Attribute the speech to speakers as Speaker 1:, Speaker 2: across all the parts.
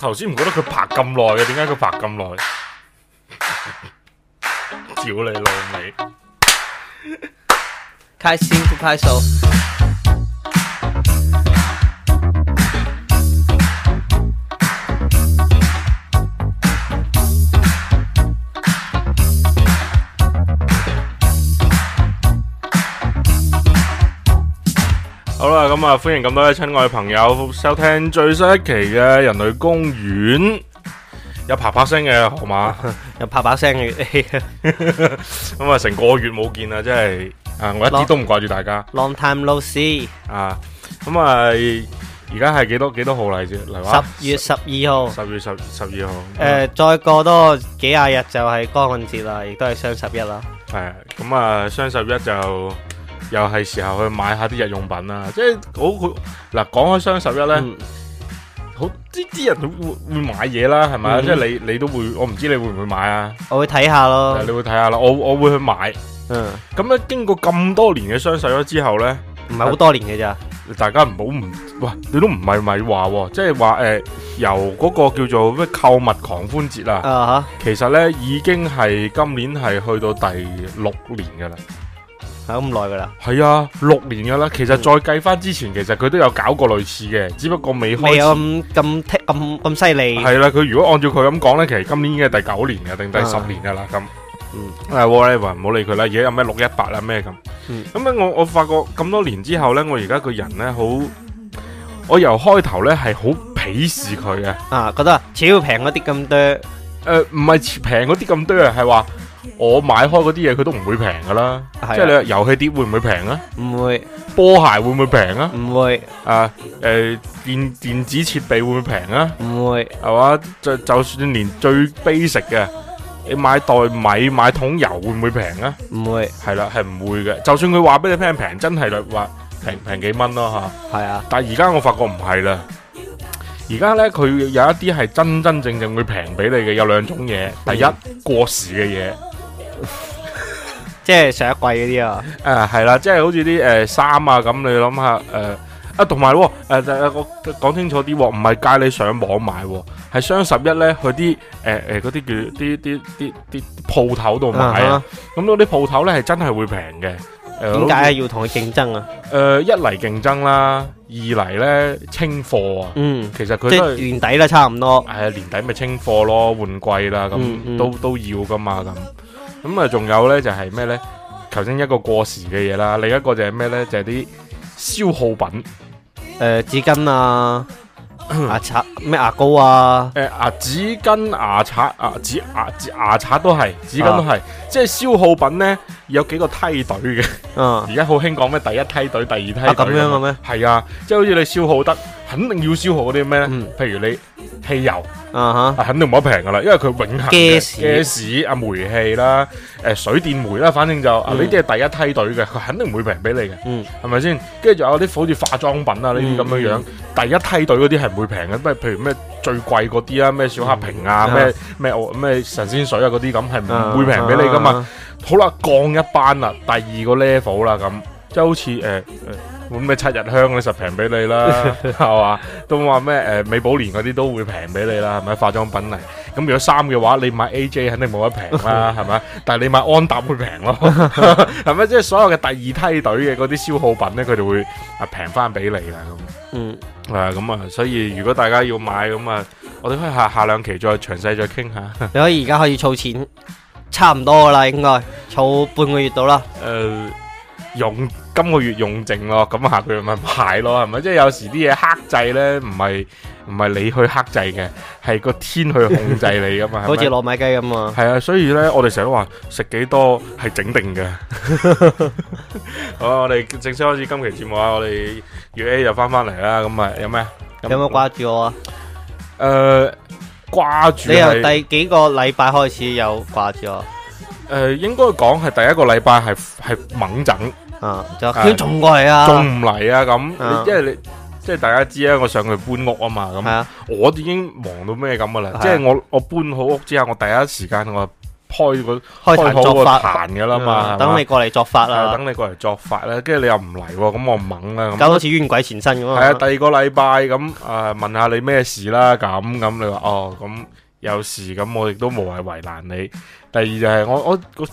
Speaker 1: 頭先唔覺得佢拍咁耐嘅，點解佢拍咁耐？
Speaker 2: 屌 你老味， 開心就拍手。
Speaker 1: 咁啊，歡迎咁多位親愛朋友收聽最新一期嘅《人類公園》，有啪啪聲嘅河馬，有啪啪聲嘅。咁啊，成個月冇見啦，真係啊，我一啲都唔掛住大家。Long time no see 啊，咁啊，而家係幾多幾多號嚟啫？嚟啊！十月十二號，十月十十二號。誒，
Speaker 2: 再過多幾廿日就係光棍節啦，亦都係雙十一啦。
Speaker 1: 係啊，咁啊，雙十一就。又係時候去買下啲日用品啦，即係好嗱講開雙十一咧，嗯、好啲啲人會會買嘢啦，係咪啊？即、嗯、係你你都會，我唔知你會唔會買啊？
Speaker 2: 我會睇下咯，你會
Speaker 1: 睇下啦，我我會去買。嗯，咁咧經過咁多年嘅雙十一之後咧，唔係好多年嘅咋？大家唔好唔喂，你都唔係咪話即係話誒由嗰個叫做咩購物狂歡節啊吓，uh-huh. 其實咧已經係今年係去到第六年噶啦。咁耐噶啦，係啊，六年噶啦。其實再計翻之前，其實佢都有搞過類似嘅，只不過未開。未咁咁咁咁犀利。係啦，佢、啊、如果按照佢咁講咧，其實今年已經係第九年嘅，定第十年噶啦咁。嗯，啊，whatever 唔好理佢啦，而家有咩六一八啊咩咁。嗯，咁咧我我發覺咁多年之後咧，我而家個人咧好，我由開頭咧係好鄙視佢嘅。啊，覺得似要平嗰啲咁多。誒、呃，唔係平嗰啲咁多啊，係話。我買開嗰啲嘢，佢都唔會平噶啦。即係、啊、你話遊戲碟會唔會平啊？唔會。波鞋會唔會平啊？唔會。啊，誒、呃，電電子設備會唔會平啊？唔會，係嘛？就就算連最 basic 嘅，你買袋米、買桶油會唔會平啊？唔會。係啦，係唔會嘅。就算佢話俾你聽平，真係話平平幾蚊咯吓。係啊。但係而家我發覺唔係啦。而家咧，佢有一啲係真真正正會平俾你嘅，有兩種嘢。第一，過時嘅嘢。即 係上一季嗰啲啊，誒、啊、係啦，即、就、係、是、好似啲誒衫啊，咁你諗下誒，uh, 啊同埋誒，uh, uh, 我講清楚啲喎，唔係街你上網買，係雙十一咧去啲誒誒啲叫啲啲啲啲鋪頭度買啊，咁嗰啲鋪頭咧係真係會平嘅，點、uh, 解要同佢競爭啊？誒、uh，一嚟競爭啦，二嚟咧清貨啊，嗯，其實佢年底都差唔多，係、啊、年底咪清貨咯，換季啦，咁都、嗯嗯、都要噶嘛，咁。咁啊，仲有咧就係咩咧？頭先一個過時嘅嘢啦，另一個就係咩咧？就係、是、啲消耗品、呃，誒，紙巾啊，牙刷咩牙膏啊，誒、呃，牙、啊、紙巾、牙刷、牙、啊、紙、牙紙牙刷都係，紙巾都係。啊。即係消耗品咧，有幾個梯隊嘅。嗯、啊，而家好興講咩第一梯隊、第二梯隊咁、啊、樣嘅咩？係啊，即係好似你消耗得，肯定要消耗嗰啲咩咧？譬如你汽油啊吓、啊，肯定唔得平噶啦，因為佢永恒嘅。gas 啊，煤氣啦，誒、呃，水電煤啦，反正就、嗯、啊呢啲係第一梯隊嘅，佢肯定唔會平俾你嘅。嗯，係咪先？跟住仲有啲好似化妝品啊呢啲咁樣樣、嗯，第一梯隊嗰啲係唔會平嘅，譬如咩？最貴嗰啲啊，咩小黑瓶啊，咩咩咩神仙水啊嗰啲咁，係唔會平俾你噶嘛、啊啊。好啦，降一班啦，第二個 level 啦咁，即係好似誒。呃呃咁咩七日香咧實平俾你啦，係 嘛？都話咩誒美寶蓮嗰啲都會平俾你啦，係咪化妝品嚟？咁如果衫嘅話，你買 AJ 肯定冇得平啦，係 咪？但係你買安踏會平咯，係 咪？即、就、係、是、所有嘅第二梯隊嘅嗰啲消耗品咧，佢就會啊平翻俾你啦咁。嗯，係咁啊，所以如果大家要買咁啊，我哋可以下下兩期再詳細再傾下。
Speaker 2: 你可以而家可以儲錢差不，差唔多啦，應該儲半個
Speaker 1: 月到啦。誒，用。今個月用剩咯，咁下個月咪排咯，係咪？即係有時啲嘢，克制咧，唔係唔係你去克制嘅，係個天去控制你噶嘛？好似糯米雞咁啊！係啊，所以咧，我哋成日都話食幾多係整定嘅。好，我哋正式開始今期節目啊！我哋月 A 又翻翻嚟啦，咁咪有咩啊？有冇掛住我啊？誒，掛
Speaker 2: 住你由第幾個禮拜開始有掛住我？誒，應該講係第一個禮
Speaker 1: 拜係係猛整。嗯就嗯、過來啊！就佢仲過嚟啊，仲唔嚟啊？咁、嗯，即係你，即、就、係、是就是、大家知啊。我上去搬屋啊嘛。咁、嗯，我已經忙到咩咁噶啦？即、嗯、係、就是、我我搬好屋之後，我第一時間我開個開，法開好個壇噶啦嘛、嗯。等你過嚟作法啦。等你過嚟作法啦。跟住你又唔嚟喎，咁我猛啦。搞好似冤鬼
Speaker 2: 纏身咁。係啊，第
Speaker 1: 二個禮拜咁啊，問下你咩事啦？咁咁你話哦，咁有事咁，我亦都無謂為難你。第二就係、是、我我個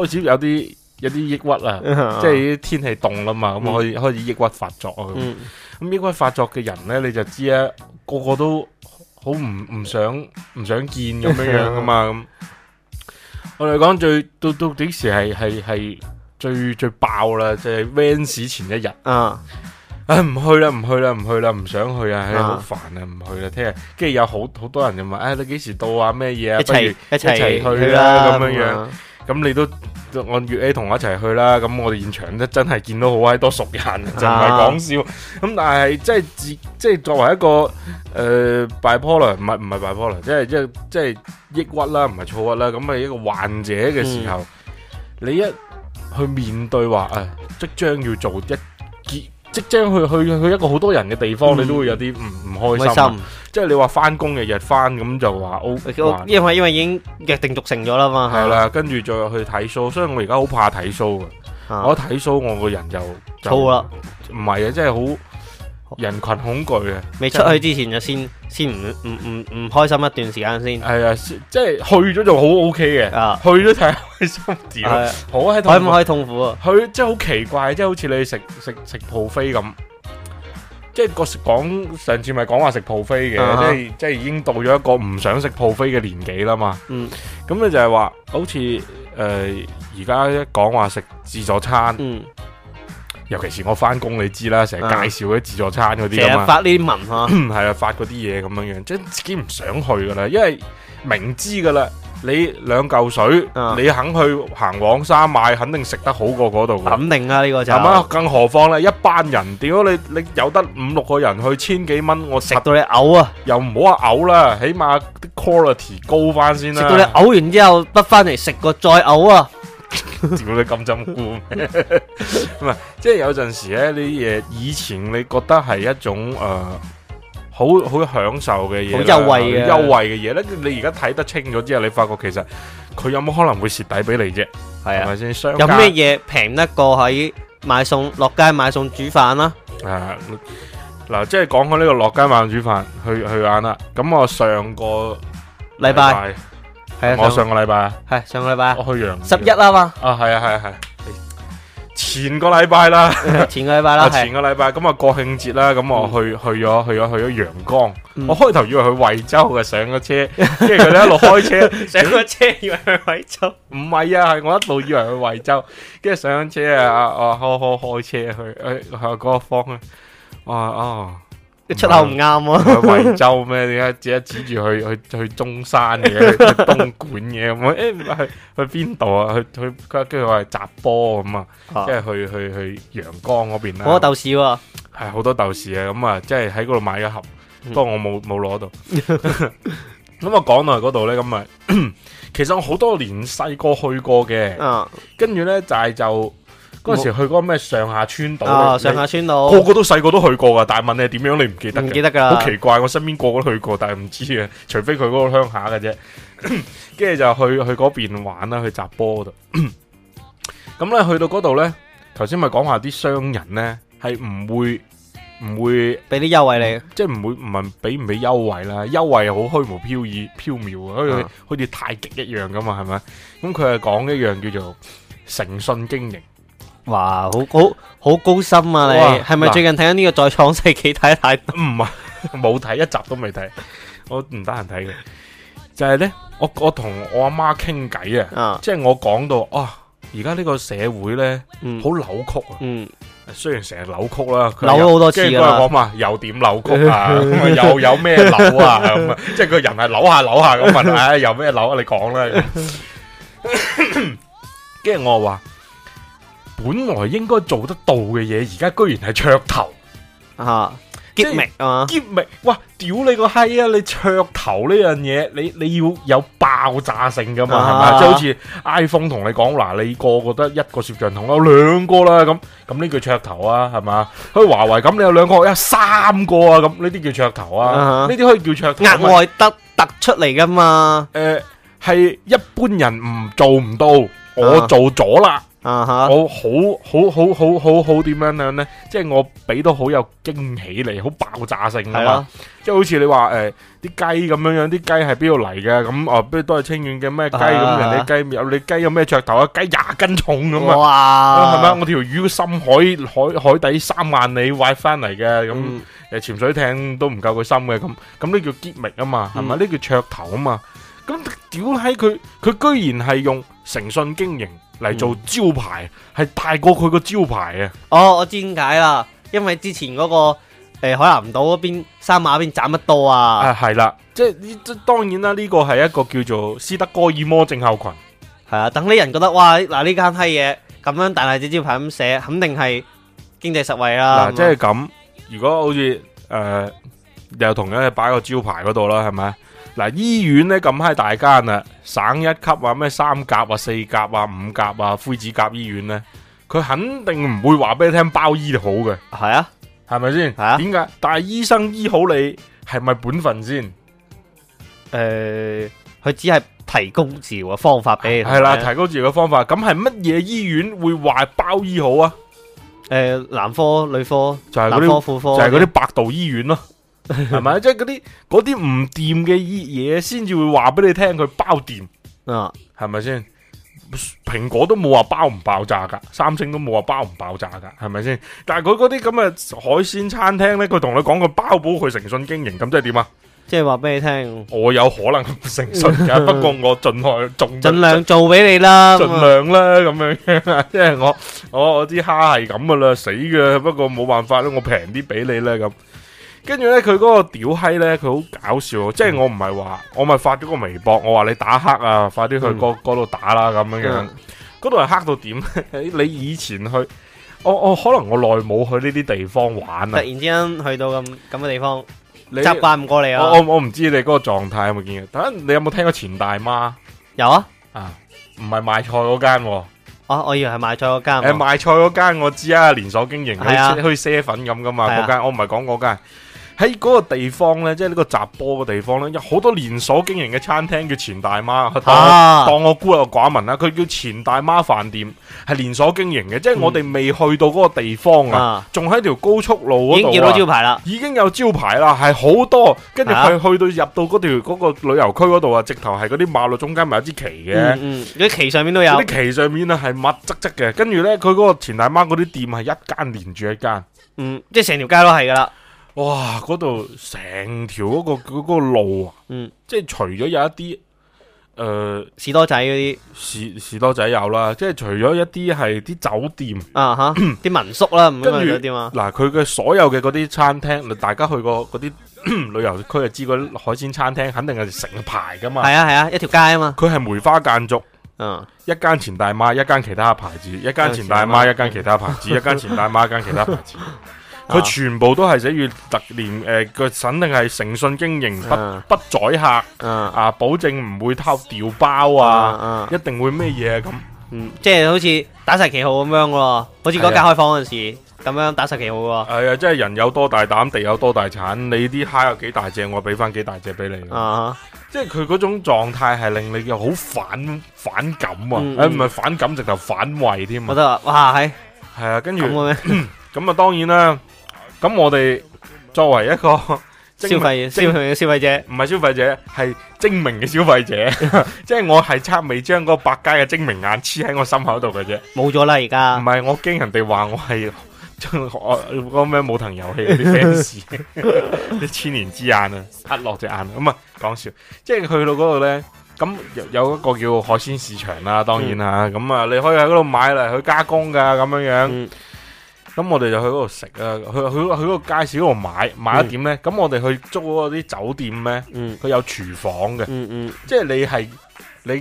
Speaker 1: 開始有啲。有啲抑鬱啊，即係啲天氣凍啦嘛，咁可以開始抑鬱發作啊。咁、嗯，咁抑鬱發作嘅人咧，你就知啦，個個都好唔唔想唔想見咁 樣樣噶嘛。我哋講最到都幾時係係係最最爆啦，就係、是、Vans 前一日啊，唉、啊、唔去啦唔去啦唔去啦唔想去啊，唉好煩啊唔去啦聽日，跟住有好好多人就問，唉、哎、你幾時到啊咩嘢啊，不如一齊去啦咁樣樣。咁你都按月 A 同我一齊去啦，咁我哋現場咧真係見到好閪多熟人，就唔係講笑。咁、啊、但係即係自即係作為一個誒、呃、，bipolar 唔係唔係 bipolar，即係即係即係抑鬱啦，唔係躁鬱啦。咁你一個患者嘅時候、嗯，你一去面對話誒，即將要做一結。即將去去去一個好多人嘅地方、嗯，你都會有啲唔唔開心，心。即係你話翻工日日翻，咁就話 O。因為因為已經約定俗成咗啦嘛。係啦，跟住再去睇 show，所以我而家好怕睇 show 嘅。我一睇 show 我個人就燥啦。唔係啊，即係好。不是的就是很人群恐懼嘅，未出去之前
Speaker 2: 先就是、先先唔唔唔唔開心一段時間先。
Speaker 1: 係啊，即係去咗就好 O K 嘅。啊，去咗係開心好係啊，嗯、可唔可以痛苦啊？佢即係好奇怪，即係好似你食食食 buffet 咁，即係個講上次咪講話食 buffet 嘅，即係即係已經到咗一個唔想食 buffet 嘅年紀啦嘛。嗯，咁你就係話，好似誒而家一講話食自助餐，嗯。尤其是我翻工，你知啦，成日介紹啲自助餐嗰啲啊有發呢啲文嗬，係 啊，發嗰啲嘢咁樣樣，即係自己唔想去噶啦，因為明知噶啦，你兩嚿水、嗯，你肯去行黃沙買，肯定食得好過嗰度，肯定啊呢、這個就，咁啊，更何況咧一班人，屌你你有得五六個人去千幾蚊，我食到你嘔啊，又唔好話嘔啦，起碼啲 quality 高翻先啦、啊，食到你嘔完之後，得翻嚟食過再嘔啊。屌 你咁針菇咩？唔係，即係有陣時咧，啲嘢，以前你覺得係一種誒、呃、好好享受嘅嘢，好優惠嘅優惠嘅嘢咧，你而家睇得清咗之後，你發覺其實佢有冇可能會蝕底俾你啫？係咪先？有
Speaker 2: 咩嘢平得過喺買餸落街買餸煮飯啦？啊、呃，
Speaker 1: 嗱，即係講開呢個落街買餸煮飯去去玩啦。咁我上個禮拜。我上個禮拜係上個禮拜，我去陽十一啦嘛。啊，係啊，係啊，係前個禮拜啦，前個禮拜啦，前個禮拜咁啊，國慶節啦，咁我去去咗去咗去咗陽江。我開頭以為去惠州嘅，上個車，跟住佢哋一路開車上個車以為去惠州，唔係啊，係我一路以為去惠州，跟住上車啊，我開開開車去誒，去嗰個方啊，啊。出口唔啱啊、欸、啊？去惠州咩？點解只一指住去去去中山嘅、東莞嘅咁？誒，去去邊度啊？去去跟住我話閘波咁啊，即係去去去陽江嗰邊啦。好多豆豉喎，係好多豆豉啊！咁、嗯、啊，即係喺嗰度買一盒，不、嗯、過我冇冇攞到。咁 啊，講到嗰度咧，咁啊，其實我好多年細個去過嘅，跟住咧就係、是、就。嗰、那、陣、個、時去嗰個咩上下川啊、哦？上下川島個個都細個都去過噶，但係問你點樣你唔記得，唔記得噶，好奇怪。我身邊個個都去過，但係唔知啊，除非佢嗰個鄉下㗎啫。跟住 就去去嗰邊玩啦，去閘坡度。咁咧 去到嗰度呢，頭先咪講話啲商人呢，係唔會唔會俾啲優惠你，即係唔會唔係俾唔俾優惠啦，優惠好虛無飄逸飄渺啊，好、嗯、似太極一樣㗎嘛，係咪？咁佢係講一樣叫做誠信經營。哇，
Speaker 2: 好好好高深啊！你係咪最近睇緊呢個在創《再創世紀》
Speaker 1: 睇 睇？唔係，冇睇，一集都未睇，我唔得閒睇嘅。就係、是、咧，我我同我阿媽傾偈啊，即、就、係、是、我講到啊，而家呢個社會咧，好、嗯、扭曲啊。嗯、雖然成日扭曲啦，扭咗好多次啊，又點扭曲啊？ 又有咩扭啊？即係個人係扭下扭下咁問啊，有咩扭啊？你講啦。跟 住我話。本來應該做得到嘅嘢，而家居然係噱頭啊！揭秘啊！揭秘！哇！屌你個閪啊！你噱頭呢樣嘢，你你要有爆炸性噶嘛？係、uh-huh. 咪？就好似 iPhone 同你講嗱、啊，你個覺得個得一個攝像頭有兩個啦，咁咁呢叫噱頭啊？係嘛？好似華為咁，你有兩個，有三個啊？咁呢啲叫噱頭啊？呢、uh-huh. 啲可以叫噱頭？額、uh-huh. 就是、外得突出嚟噶嘛？誒、呃，係一般人唔做唔到，我做咗啦。Uh-huh. 啊哈！我好好好好好好點、嗯、樣樣咧，即係我俾到好有驚喜嚟，好爆炸性係嘛，、yeah 呃啊啊啊、嘛？即係好似你話誒，啲雞咁樣樣，啲雞係邊度嚟嘅？咁哦，都係清遠嘅咩雞咁？人哋雞有你雞有咩噱頭啊？雞廿斤重咁啊？係咪？我條魚深海海海底三萬里挖翻嚟嘅咁，誒、嗯、潛 水艇都唔夠佢深嘅咁，咁呢叫揭秘啊嘛？係咪？呢、嗯、叫噱頭啊嘛？咁屌閪佢，佢居然係用誠信經營。嚟做招牌，係、嗯、大過佢個招牌啊！哦，我知點解啦，因為之前嗰、那個誒、呃、海南島嗰邊三亞嗰邊斬得多啊？啊，係啦，即係呢，當然啦，呢、這個係一個叫做斯德哥爾摩症候群。係啊，等啲人覺得哇，嗱呢間閪嘢
Speaker 2: 咁樣大隻招牌咁寫，肯定係
Speaker 1: 經濟實惠啦。嗱，即係咁，如果好似誒、呃、又同樣去擺個招牌嗰度啦，係咪？嗱醫院咧咁嗨大間啦，省一級啊，咩三甲啊、四甲啊、五甲啊、灰指甲醫院咧，佢肯定唔會話俾你聽包醫就好嘅。係啊，係咪先？係啊。點解？但係醫生醫好你係咪本分先？誒、呃，佢只係提供治療嘅方法俾你。係啦、啊，提供治療嘅方法。咁係乜嘢醫院會話包醫好啊？誒、呃，男科、女科，就係嗰啲，科科就係啲百度醫院咯。係咪？ 即係嗰啲啲唔掂嘅嘢，先至會話俾你聽佢包掂啊是？係咪先？蘋果都冇話包唔爆炸噶，三星都冇話包唔爆炸噶，係咪先？但係佢嗰啲咁嘅海鮮餐廳呢，佢同你講佢包保佢誠信經營，咁即係點啊？即係話俾你聽，我有可能唔誠信噶， 不過我盡開盡盡量做俾你啦，盡量啦咁樣。即係我我我啲蝦係咁噶啦，死嘅。不過冇辦法啦，我平啲俾你啦咁。跟住咧，佢嗰個屌閪咧，佢好搞笑。即係我唔係話，我咪發咗個微博，我話你打黑啊，嗯、快啲去嗰、那、度、個、打啦咁樣嘅。嗰度係黑到點？ 你以前去，我我可能我耐冇去呢啲地方玩啦、啊。突
Speaker 2: 然之間去到咁咁嘅地方，習慣唔過你啊！我我
Speaker 1: 唔知你嗰個狀態有冇見過。但係你有冇聽過錢大媽？有啊，啊，唔係賣菜嗰間。喎、哦。我以為係賣菜嗰間。誒、欸，賣菜嗰間我知啊，連鎖經營、啊，去去賒粉咁噶嘛？嗰間、啊、我唔係講嗰間。喺嗰個地方呢，即係呢個閘坡嘅地方呢，有好多連鎖經營嘅餐廳叫錢大媽、啊。當我孤陋寡聞啦，佢叫錢大媽飯店，係連鎖經營嘅、嗯。即係我哋未去到嗰個地方啊，仲喺條高速路嗰度啊，已經有招牌啦，已經有招牌啦，係好多。跟住佢去到入到嗰條嗰個旅遊區嗰度啊，直頭係嗰啲馬路中間咪有支旗嘅，啲、嗯嗯、旗上面都有，啲旗上面啊係密質質嘅。跟住呢，佢嗰個錢大媽嗰啲店係一間連住一間，嗯，即係成條街都係噶啦。哇！嗰度成條嗰個、嗰個路啊，嗯、即係除咗有一啲，誒、呃、士多仔啲士士多仔有啦，即係除咗一啲係啲酒店啊吓，啲民宿啦，跟住嗱佢嘅所有嘅嗰啲餐廳，大家去過嗰啲 旅遊區就知，嗰啲海鮮餐廳肯定係成排噶嘛，係啊係啊，一條街啊嘛，佢係梅花間竹，嗯，一間錢大媽，一間其他牌子，一間錢大媽， 一間其他牌子，一間錢大媽，一間其他牌子。 佢全部都係寫住特連誒個省，呃、定係誠信經營、啊，不不宰客，啊,啊保證唔會偷掉包啊,啊,啊，一定會咩嘢咁？即係好似打晒旗號咁樣喎、啊，好似嗰間開
Speaker 2: 放嗰陣時咁樣打晒旗號喎。
Speaker 1: 係啊,啊，即係人有多大膽，地有多大產。你啲蝦有幾大隻，我俾翻幾大隻俾你。啊，即係佢嗰種狀態係令你又好反反感啊！誒、嗯，唔、嗯、係、哎、反感，直頭反胃添啊！覺得哇，係係啊，跟住咁啊， 當然啦。咁我哋作為一個消費，消費消費者唔係消費者，係精明嘅消費者，即係我係差未，將個百佳嘅精明眼黐喺我心口度嘅啫，冇咗啦而家。唔係我驚人哋話我係，嗰咩武藤遊戲啲 fans，啲千年之眼啊，呃落隻眼，唔係講笑，即係去到嗰度咧，咁有一個叫海鮮市場啦，當然啦，咁啊你可以喺嗰度買嚟去加工噶，咁樣樣。咁我哋就去嗰度食啊，去去去嗰個街市嗰度買買一點咧？咁、嗯、我哋去租嗰啲酒店咧，佢、嗯、有廚房嘅，嗯嗯即係你係你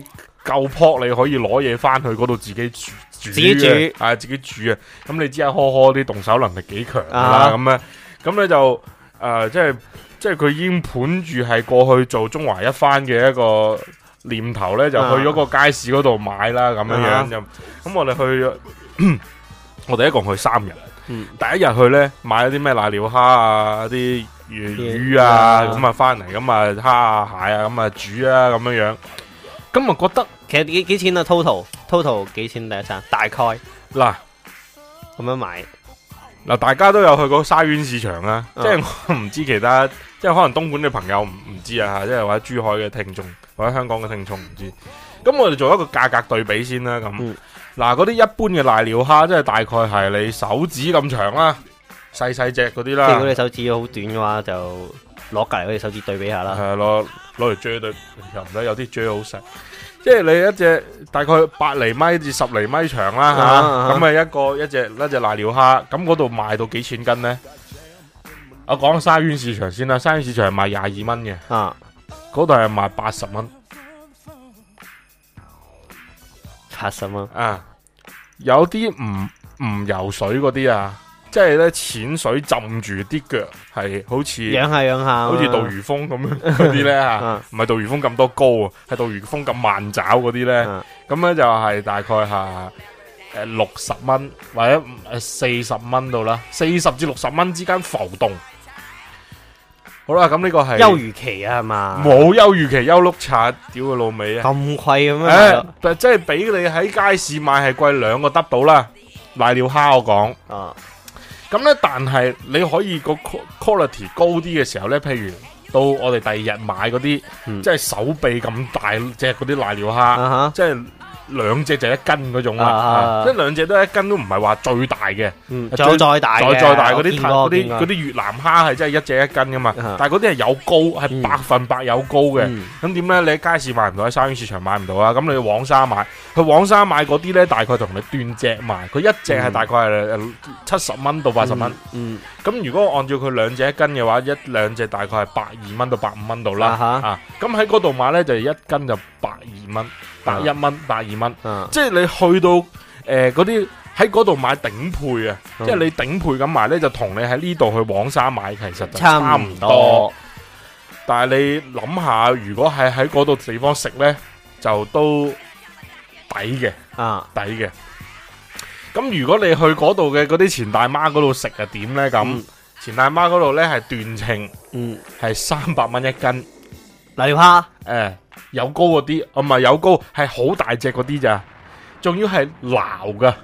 Speaker 1: 夠撲你可以攞嘢翻去嗰度自己煮自己煮，自己煮啊，自己煮啊！咁你知阿呵呵啲動手能力幾強啦，咁咧咁咧就誒、呃，即係即係佢已經盤住係過去做中華一番嘅一個念頭咧，就去嗰個街市嗰度買啦，咁、uh-huh. 樣樣咁我哋去、
Speaker 3: uh-huh.
Speaker 1: 我哋一共去三人。嗯、第一日去咧，買咗啲咩瀨尿蝦啊，啲魚啊，咁啊翻嚟，咁啊蝦啊、蟹啊，咁啊煮啊，咁樣樣。咁、嗯、啊覺得，其實幾幾錢啊？total total 幾錢第一餐？大概嗱咁樣買嗱，大家都有去過沙灣市場啦、
Speaker 2: 啊嗯，
Speaker 3: 即係
Speaker 1: 我唔知其他，即係可能東莞嘅朋友唔唔知啊吓，即係或者珠海嘅聽眾或者香港嘅聽眾唔知。咁我哋做一個價格對比先啦、啊，咁。嗯嗱，嗰啲一般嘅瀨尿蝦，即係大概係你手指咁長啦，細細隻嗰啲啦。如果你手指好短嘅話，就攞隔籬隻手指對比下啦。係攞攞嚟咀對，又唔得，有啲咀好食。即係你一隻大概八厘米至十厘米長啦，吓咁啊，啊一個一隻一隻瀨尿蝦，咁嗰度賣到幾錢斤呢？我講沙縣市場先啦，沙縣市場係賣廿二蚊嘅，嗰度係賣八十蚊。八十蚊啊！有啲唔唔游水嗰啲啊，即係咧淺水浸住啲腳，係好似仰下仰下，好似杜如風咁樣嗰啲咧吓，唔係杜如風咁多高啊，係杜如風咁慢爪嗰啲咧，咁、啊、咧就係大概下誒六十蚊或者誒四十蚊到啦，四十至六十蚊之間浮動。好啦，咁呢個係休漁期啊，係嘛？冇休漁期，休碌柒，屌佢老味啊！咁貴咁樣？誒、欸，但係即係俾你喺街市買係貴兩個得到啦。瀨尿蝦我講啊，咁咧，但係你可以個 quality 高啲嘅時候咧，譬如到我哋第二日買嗰啲，嗯，即係手臂咁大隻嗰啲瀨尿蝦，啊，即係。兩隻就一斤嗰種啦，即係兩隻都是一斤都唔係話最大嘅，
Speaker 3: 再、嗯、大的，嗰啲
Speaker 1: 啲越南蝦係真係一隻一斤噶嘛、啊，但係嗰啲係有膏，係百分百有膏嘅。咁、嗯、點、嗯、呢？你喺街市買唔到，喺沙魚市場買唔到啊！咁你去黃沙買，去黃沙買嗰啲呢，大概同你斷隻賣，佢一隻係大概係七十蚊到八十蚊。嗯，咁、嗯、如果按照佢兩隻一斤嘅話，一兩隻大概係百二蚊到百五蚊度啦。啊，咁喺嗰度買呢，就一斤就百二蚊。百一蚊、百二蚊，即係你去到誒嗰啲喺嗰度買頂配啊、嗯，即係你頂配咁買呢，就同你喺呢度去黃沙買其實就差唔多，差唔多。但係你諗下，如果係喺嗰度地方食呢，就都抵嘅，啊，抵嘅。咁如果你去嗰度嘅嗰啲錢大媽嗰度食係點呢？咁錢大媽嗰度呢，係斷情，嗯，係三百蚊一斤瀨尿蝦，有高嗰啲，唔係有高係好大隻嗰啲咋，仲要係撈噶，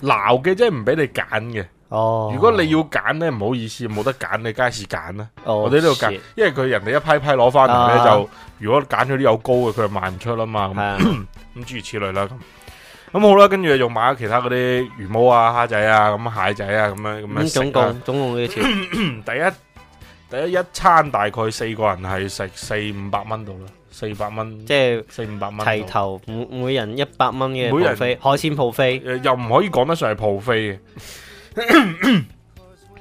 Speaker 1: 撈嘅即係唔俾你揀嘅哦。如果你要揀咧，唔好意思，冇得揀，你街市揀啦。我哋呢度揀，因為佢人哋一批批攞翻嚟咧，就如果揀咗啲有高嘅，佢就賣唔出啦嘛。係咁諸如此類啦。咁咁好啦，跟住又買咗其他嗰啲魚毛啊、蝦仔啊、咁蟹仔啊，咁樣咁樣、食啊、總共總共幾多錢咳咳，第一第一一餐大概四個人係食四五百蚊度，啦。四百蚊，即係四五百蚊齊頭，每人一百蚊嘅，每人的飛，每人海鮮鋪飛，又唔可以講得上係鋪飛嘅，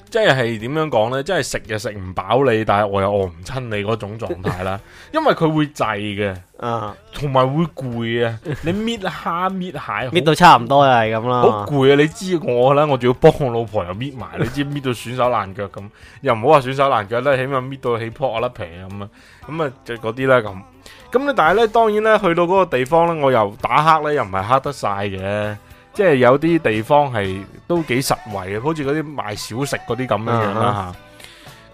Speaker 1: 即係點樣講咧？即係食嘅食唔飽你，但係我又餓唔親你嗰種狀態啦。 因為佢會滯嘅，啊，同埋會攰，啊。你搣蝦搣蟹搣到差唔多又係咁咯。好攰啊！你知我啦，我仲要幫我老婆又搣埋， 你知搣到損手爛腳咁，又唔好話損手爛腳啦，起碼搣到起泡啊甩皮咁啊，咁啊就嗰啲啦咁。咁你但係咧，當然咧，去到嗰個地方咧，我又打黑咧，又唔係黑得晒嘅，即係有啲地方係都幾實惠嘅，好似嗰啲賣小食嗰啲咁樣、嗯嗯嗯、咁咁樣啦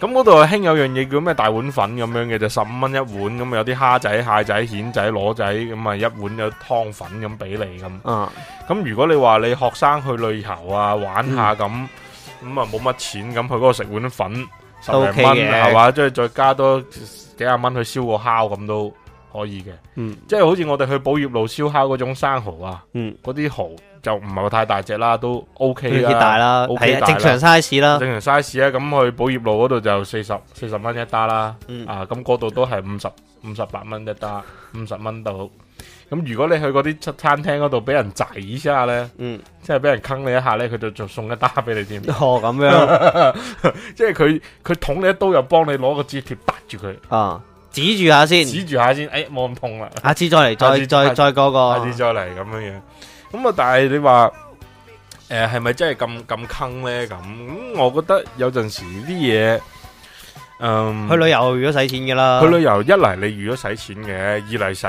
Speaker 1: 吓。咁嗰度係興有樣嘢叫咩大碗粉咁樣嘅，就十五蚊一碗，咁有啲蝦仔、蟹仔、蜆仔、螺仔，咁啊一碗有湯粉咁俾你咁。咁、嗯、如果你話你學生去旅遊啊，玩下咁，咁啊冇乜錢咁去嗰度食碗粉十零蚊係嘛，即係再加多幾十蚊去燒個烤咁都。可以嘅，嗯，即係好似我哋去寶業路燒烤嗰種生蠔啊，嗯，嗰啲蠔就唔係話太大隻啦，都 O、OK、K 啦，OK 大啦，係、OK、啊，正常 size 啦，正常 size 啦、啊，咁去寶業路嗰度就四十四十蚊一打啦，嗯、啊，咁嗰度都係五十五十八蚊一打，五十蚊到，咁如果你去嗰啲出餐廳嗰度俾人仔一下咧，嗯，即係俾人坑你一下咧，佢就就送一打俾你添，哦咁 這樣， 即係佢佢捅你一刀又幫你攞個紙貼搭住佢啊。止住下先，止住下先，哎，冇咁痛啦。下次再嚟，再再再嗰個。下次再嚟咁樣樣，咁啊，但係你話，誒，係咪真係咁咁坑咧？咁，我覺得有陣時啲嘢，嗯，去旅遊如果使錢噶啦，去旅遊一嚟你如果使錢嘅，二嚟使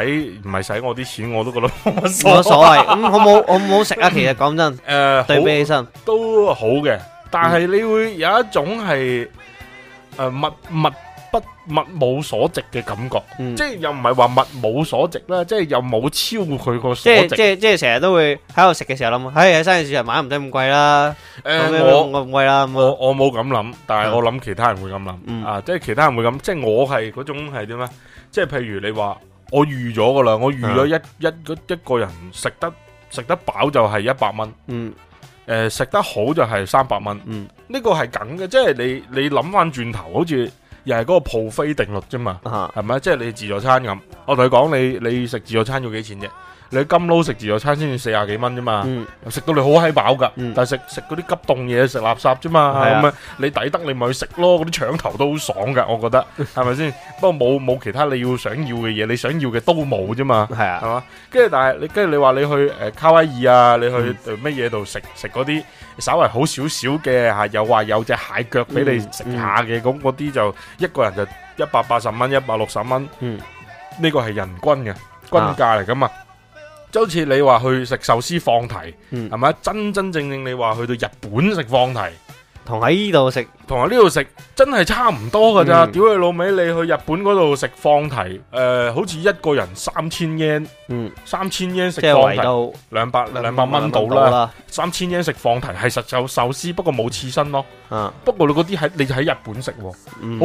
Speaker 1: 唔係使我啲錢，我都覺得冇乜所謂。咁好唔好，
Speaker 2: 好唔好食啊？其實講真，
Speaker 1: 誒，對比起身都好嘅，但係你會有一種係誒乜乜。不物冇所值嘅感覺，嗯、即係又唔係話物冇所值，所值、哎、啦，即係又冇超過佢個所值。即係即係即係成日都會喺度食嘅時候諗喺喺生意市場買唔使咁貴啦。誒、嗯，我我唔貴啦，我我冇咁諗，但係我諗其他人會咁諗、嗯、啊，即係其他人會咁，即係我係嗰種係點咧？即係譬如你話我預咗噶啦，我預咗一、嗯、一一,一個人食得食得飽就係一百蚊，誒、嗯、食、呃、得好就係三百蚊。呢、嗯這個係梗嘅，即係你你諗翻轉頭，好似。又係嗰個蒲飛定律啫嘛，係、uh-huh. 咪？即、就、係、是、你自助餐咁，我同你講，你你食自助餐要幾錢啫？你金撈食自助餐先至四十幾蚊啫嘛，食到你好閪飽噶，但係食食嗰啲急凍嘢食，垃圾啫嘛，係咪？你抵得你咪去食咯，嗰啲腸頭都好爽噶，我覺得係咪先？不過冇冇其他你要想要嘅嘢，你想要嘅都冇啫嘛，係啊，係嘛？跟住但係你跟住你話你去誒卡威爾啊，你去咩嘢度食食嗰啲稍為好少少嘅吓，又話有隻蟹腳俾你食下嘅，咁嗰啲就一個人就一百八十蚊，一百六十蚊，呢個係人均嘅均價嚟噶嘛。就好似你話去食壽司放題，係、嗯、咪？真真正正你話去到日本食放題。同喺呢度食，同喺呢度食真係差
Speaker 3: 唔多噶咋？屌、
Speaker 1: 嗯、你老味，你去日本嗰度食放題，誒、呃，好似一個人三千 yen 三千 yen 食放題，兩百兩百蚊到啦。三千 yen 食放題係實有壽司，不過冇刺身咯。啊、不過你嗰啲喺你喺日本食，好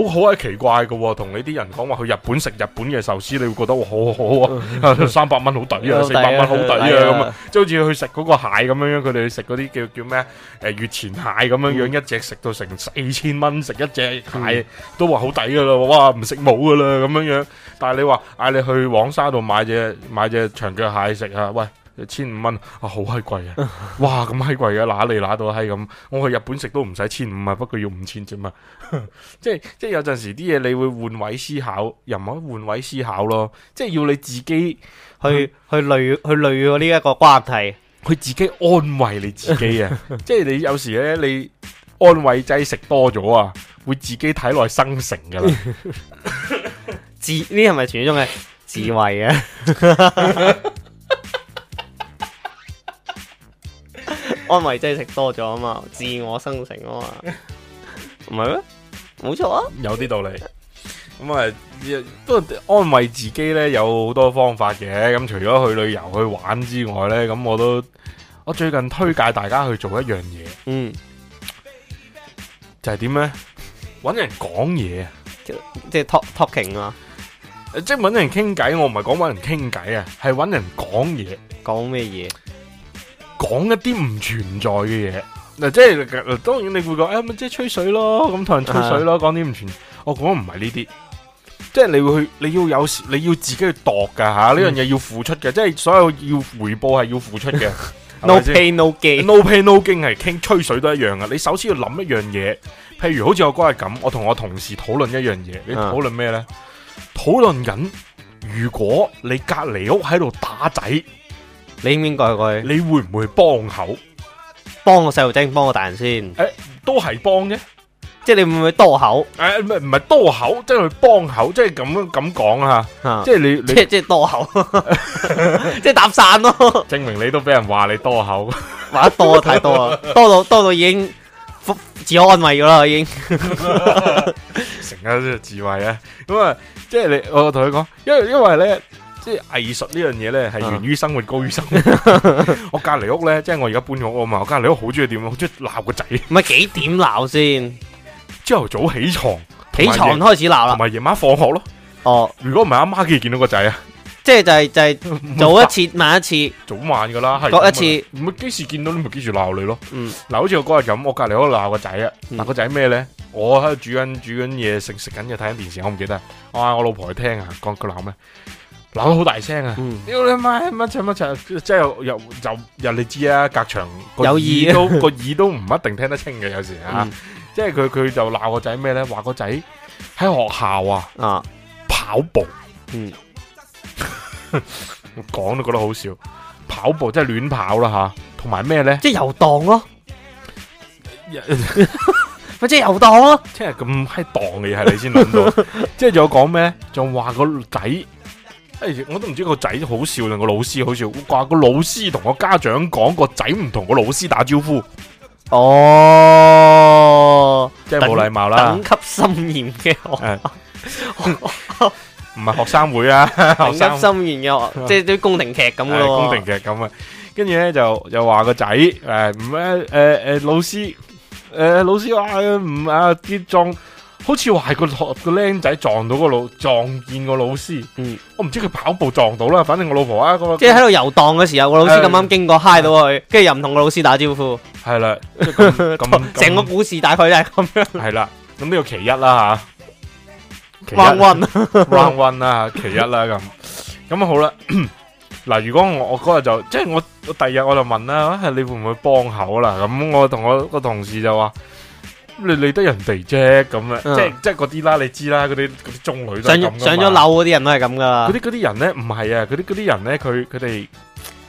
Speaker 1: 好係、嗯、奇怪喎。同你啲人講話去日本食日本嘅壽司，你會覺得好好啊，三百蚊好抵啊，四百蚊好抵啊，咁啊，即係好似去食嗰個蟹咁樣樣，佢哋去食嗰啲叫叫咩？誒、呃，月前蟹咁樣樣一。嗯一隻食到成四千蚊食一隻蟹，都話好抵噶啦！哇，唔食冇噶啦咁樣樣。但係你話嗌你去黃沙度買隻買隻長腳蟹食啊？喂，千五蚊啊，好閪貴啊！ 哇，咁閪貴嘅，乸你乸到閪咁。我去日本食都唔使千五啊，不過要五千啫嘛。即係即係有陣時啲嘢你會換位思考，又唔可以換位思考咯。即係要你自己去 去累去累呢一個關係， 去自己安慰你自己啊！ 即係你有時咧，你。安慰劑食多咗啊，會自己體內生成噶啦， 自的，呢係咪傳說中嘅自慰啊？
Speaker 2: 安慰劑食多咗啊嘛，自我生成啊嘛，
Speaker 1: 唔係咩？冇錯啊，有啲道理。咁啊，都安慰自己咧，有好多方法嘅。咁除咗去旅遊去玩之外咧，咁我都我最近推介大家去做一樣嘢，嗯。就係點咧？搵人講嘢，即係即係 talk talking 啊！即係搵人傾偈，我唔係講搵人傾偈啊，係搵人講嘢。講咩嘢？講一啲唔存在嘅嘢嗱，即係當然你會講，誒、哎，咪即係吹水咯，咁同人吹水咯，講啲唔存在，我講嘅唔係呢啲，即係你會去，你要有時，你要自己去度噶吓，呢樣嘢要付出嘅，嗯，即係所有要回報係要付出嘅。 no pay no gain，no pay no gain 係傾吹水都一樣啊！你首先要諗一樣嘢，譬如好似我哥系咁，我同我同事討論一樣嘢，你討論咩呢？討論緊，如果你隔籬屋喺度打仔，你應唔應該？你會唔會幫口？幫個細路仔，幫個大人先？誒，都係幫啫。即係你會唔會多口？誒、欸，唔係唔係多口，即係幫口，即係咁咁講啊！即係你，你，即係即係多口， 即係搭訕咯。證明你都俾人話你多口，話得多太
Speaker 2: 多， 多到多到已經自我安慰咗啦，已經。
Speaker 1: 成日都智慧啊！咁啊，即係你，我同佢講，因為因為咧，即係藝術呢樣嘢咧，係源於生活高於生活。啊、 我隔籬屋咧，即係我而家搬咗屋啊嘛，我隔籬屋好中意點，好中意鬧個仔。唔係幾點鬧先？ 朝頭早起床，起床開始鬧啦，同埋夜晚放學咯。哦，如果唔係阿媽見見到個仔啊，即係就係就係早一次， 晚一次，早晚噶啦，各一次。唔係幾時見到你咪幾時鬧你咯。嗯，嗱，好似我嗰日咁，我隔籬喺度鬧個仔啊，鬧、嗯、個仔咩咧？我喺度煮緊煮緊嘢食食緊嘢睇緊電視，我唔記得。我、啊、嗌我老婆去聽啊，講佢鬧咩？鬧得好大聲啊！屌、嗯、你媽，乜乜即係又又又你知啊，隔牆有耳都個耳都唔一定聽得清嘅有時啊。嗯即係佢佢就鬧個仔咩咧？話個仔喺學校啊，啊，跑步，我、嗯、講 都覺得好笑。跑步即係亂跑啦吓，同埋咩咧？即係遊蕩咯，
Speaker 3: 咪
Speaker 1: 即係遊蕩咯。即係咁閪蕩嘅嘢，係、 啊、你先諗到。 即係仲有講咩？仲話個仔，誒我都唔知個仔好笑定個老師好笑。話個老師同個家長講個仔唔同個老師打招呼。哦，即係冇禮貌啦，等級森嚴嘅學，唔係學生會啊，會等級森嚴嘅， 即係啲宮廷劇咁咯，宮廷劇咁啊，跟住咧就就話個仔，誒唔咧，誒、呃、誒、呃呃、老師，誒、呃、老師話唔啊結賬。呃呃好似話係個學個僆仔撞到個老撞見個老師，嗯我唔知佢跑步撞到啦，反正我老婆啊、那個，即係喺度遊
Speaker 2: 蕩嘅時候，個、啊、老師咁啱經過嗨到佢，啊、跟住又唔同個老師打招呼。
Speaker 1: 係啦，成個故事大概就係咁樣。係啦，咁呢個，個其一啦吓，run run run run 啦，其一啦咁，咁啊好啦，嗱，如果我我嗰日就即係我，我第二日我就問啦，係、哎、你會唔會幫口啦？咁我同我個同事就話。你理得人哋啫，咁啊，即係即係嗰啲啦，你知啦，嗰啲嗰啲中女都係咁。上上咗樓嗰啲人都係咁噶。嗰啲嗰啲人咧，唔係啊，嗰啲嗰啲人咧，佢佢哋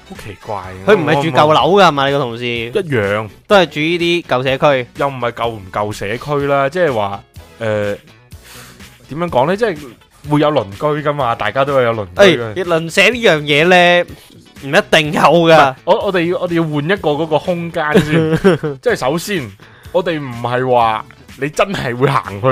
Speaker 1: 好奇怪。佢唔係住舊樓噶嘛？你個同事一樣，都係住呢啲舊社區。又唔係舊唔舊社區啦，即係話誒，點樣講咧？即係會有鄰居噶嘛？大家都會有鄰居。誒，鄰舍呢樣嘢咧，唔一定有噶。我我哋要我哋要換一個嗰個空間先，即係首先。我哋唔係話你真係會行去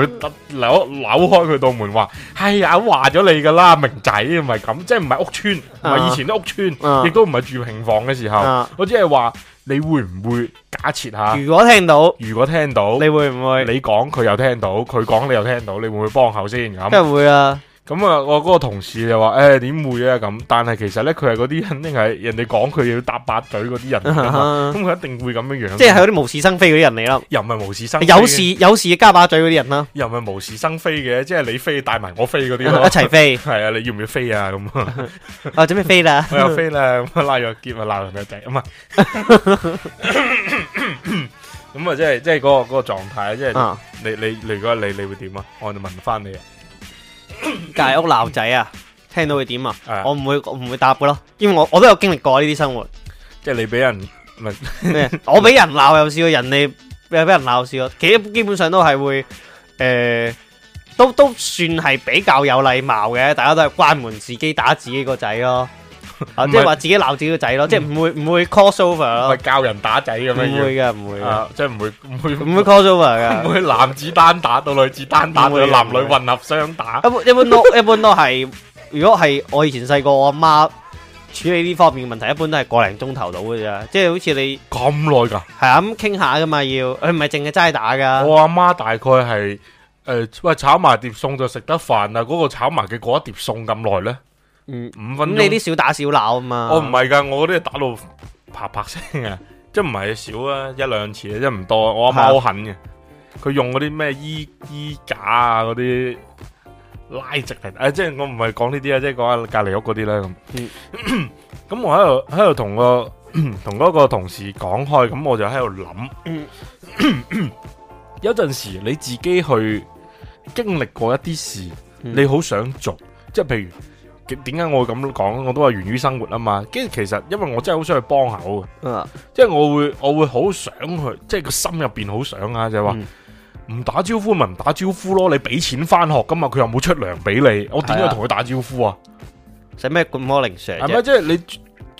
Speaker 1: 扭扭開佢道門，話係、哎、呀，話咗你噶啦明仔，唔係咁，即係唔係屋邨，唔係以前啲屋邨、啊，亦都唔係住平房嘅時候，啊、我只係話你會唔會假設下？如果聽到，如果聽到，你會唔會？你講佢又聽到，佢講你又聽到，你會唔會幫口先咁？梗係會、啊咁、嗯、啊，我、那、嗰個同事就話，誒、欸，點會呢呢啊？咁，但係其實咧，佢係嗰啲肯定係人哋講佢要搭把嘴嗰啲人咁，佢一定會咁樣的樣。即係有啲無事生非嗰啲人嚟啦。又唔係無事生非，有事有事加把嘴嗰啲人啦。又唔係無事生非嘅，即係你飛帶埋我飛嗰啲我一齊飛。係 啊，你要唔要飛啊？咁 啊，我準備飛啦。我又飛啦， 拉弱鍵，鬧人仔。唔係，咁啊，即係即係嗰個、那個狀態，即係你你你，如果你你，你，你會點啊？我就問翻你啊。隔屋鬧仔啊！聽到會點啊？Uh-huh. 我唔會，我
Speaker 2: 唔會答嘅咯，因為我我都有經歷過呢啲生活，即係你俾人 我俾人鬧又笑，人哋又俾人鬧笑，其實基本上都係會誒、呃，都都算係比較有禮貌嘅，大家都係關門自己打自己個仔咯、啊。啊！即係話自己鬧自己個仔咯，即係唔會唔會 crossover 咯，教人打仔咁樣唔會噶，唔會，即係唔會唔會唔會 crossover 噶，唔 會男子單打到女子單打，仲有男女混
Speaker 1: 合雙打，
Speaker 2: 一般 一般都一般都係，如果係我以前細個， 我阿媽處理呢方面嘅問題，一般都係個零鐘頭到嘅咋，即係好似你咁耐噶，係啊，
Speaker 1: 咁傾下噶嘛要，佢唔係淨係齋打噶，我阿媽大概係誒喂炒埋碟餸就食得飯啦，嗰、嗰個炒埋嘅嗰一碟餸咁耐咧。五、嗯、分鐘、嗯、你啲小打小鬧啊嘛？我唔係噶，我嗰啲打到啪啪聲啊，啊，即係唔係少啊，一兩次啊，即係唔多。嗯、 我阿媽好狠嘅，佢用嗰啲咩衣衣架啊嗰啲拉直嚟，誒，即係我唔係講呢啲啊，即係講下隔籬屋嗰啲啦咁。咁我喺度喺度同個同嗰個同事講開，咁我就喺度諗，有陣時你自己去經歷過一啲事，你好想做，嗯、即係譬如。點解我會咁講？我都係源於生活啊嘛。跟住其實，因為我真係好想去幫口嘅，即係我會，我會好想去，即係個心入邊好想啊。就係話、是、唔、嗯、打招呼咪唔打招呼咯。你俾錢翻學噶嘛？佢又冇出糧俾你，我點樣同佢打招呼啊？使咩咁 Morning Sir？係咪？即係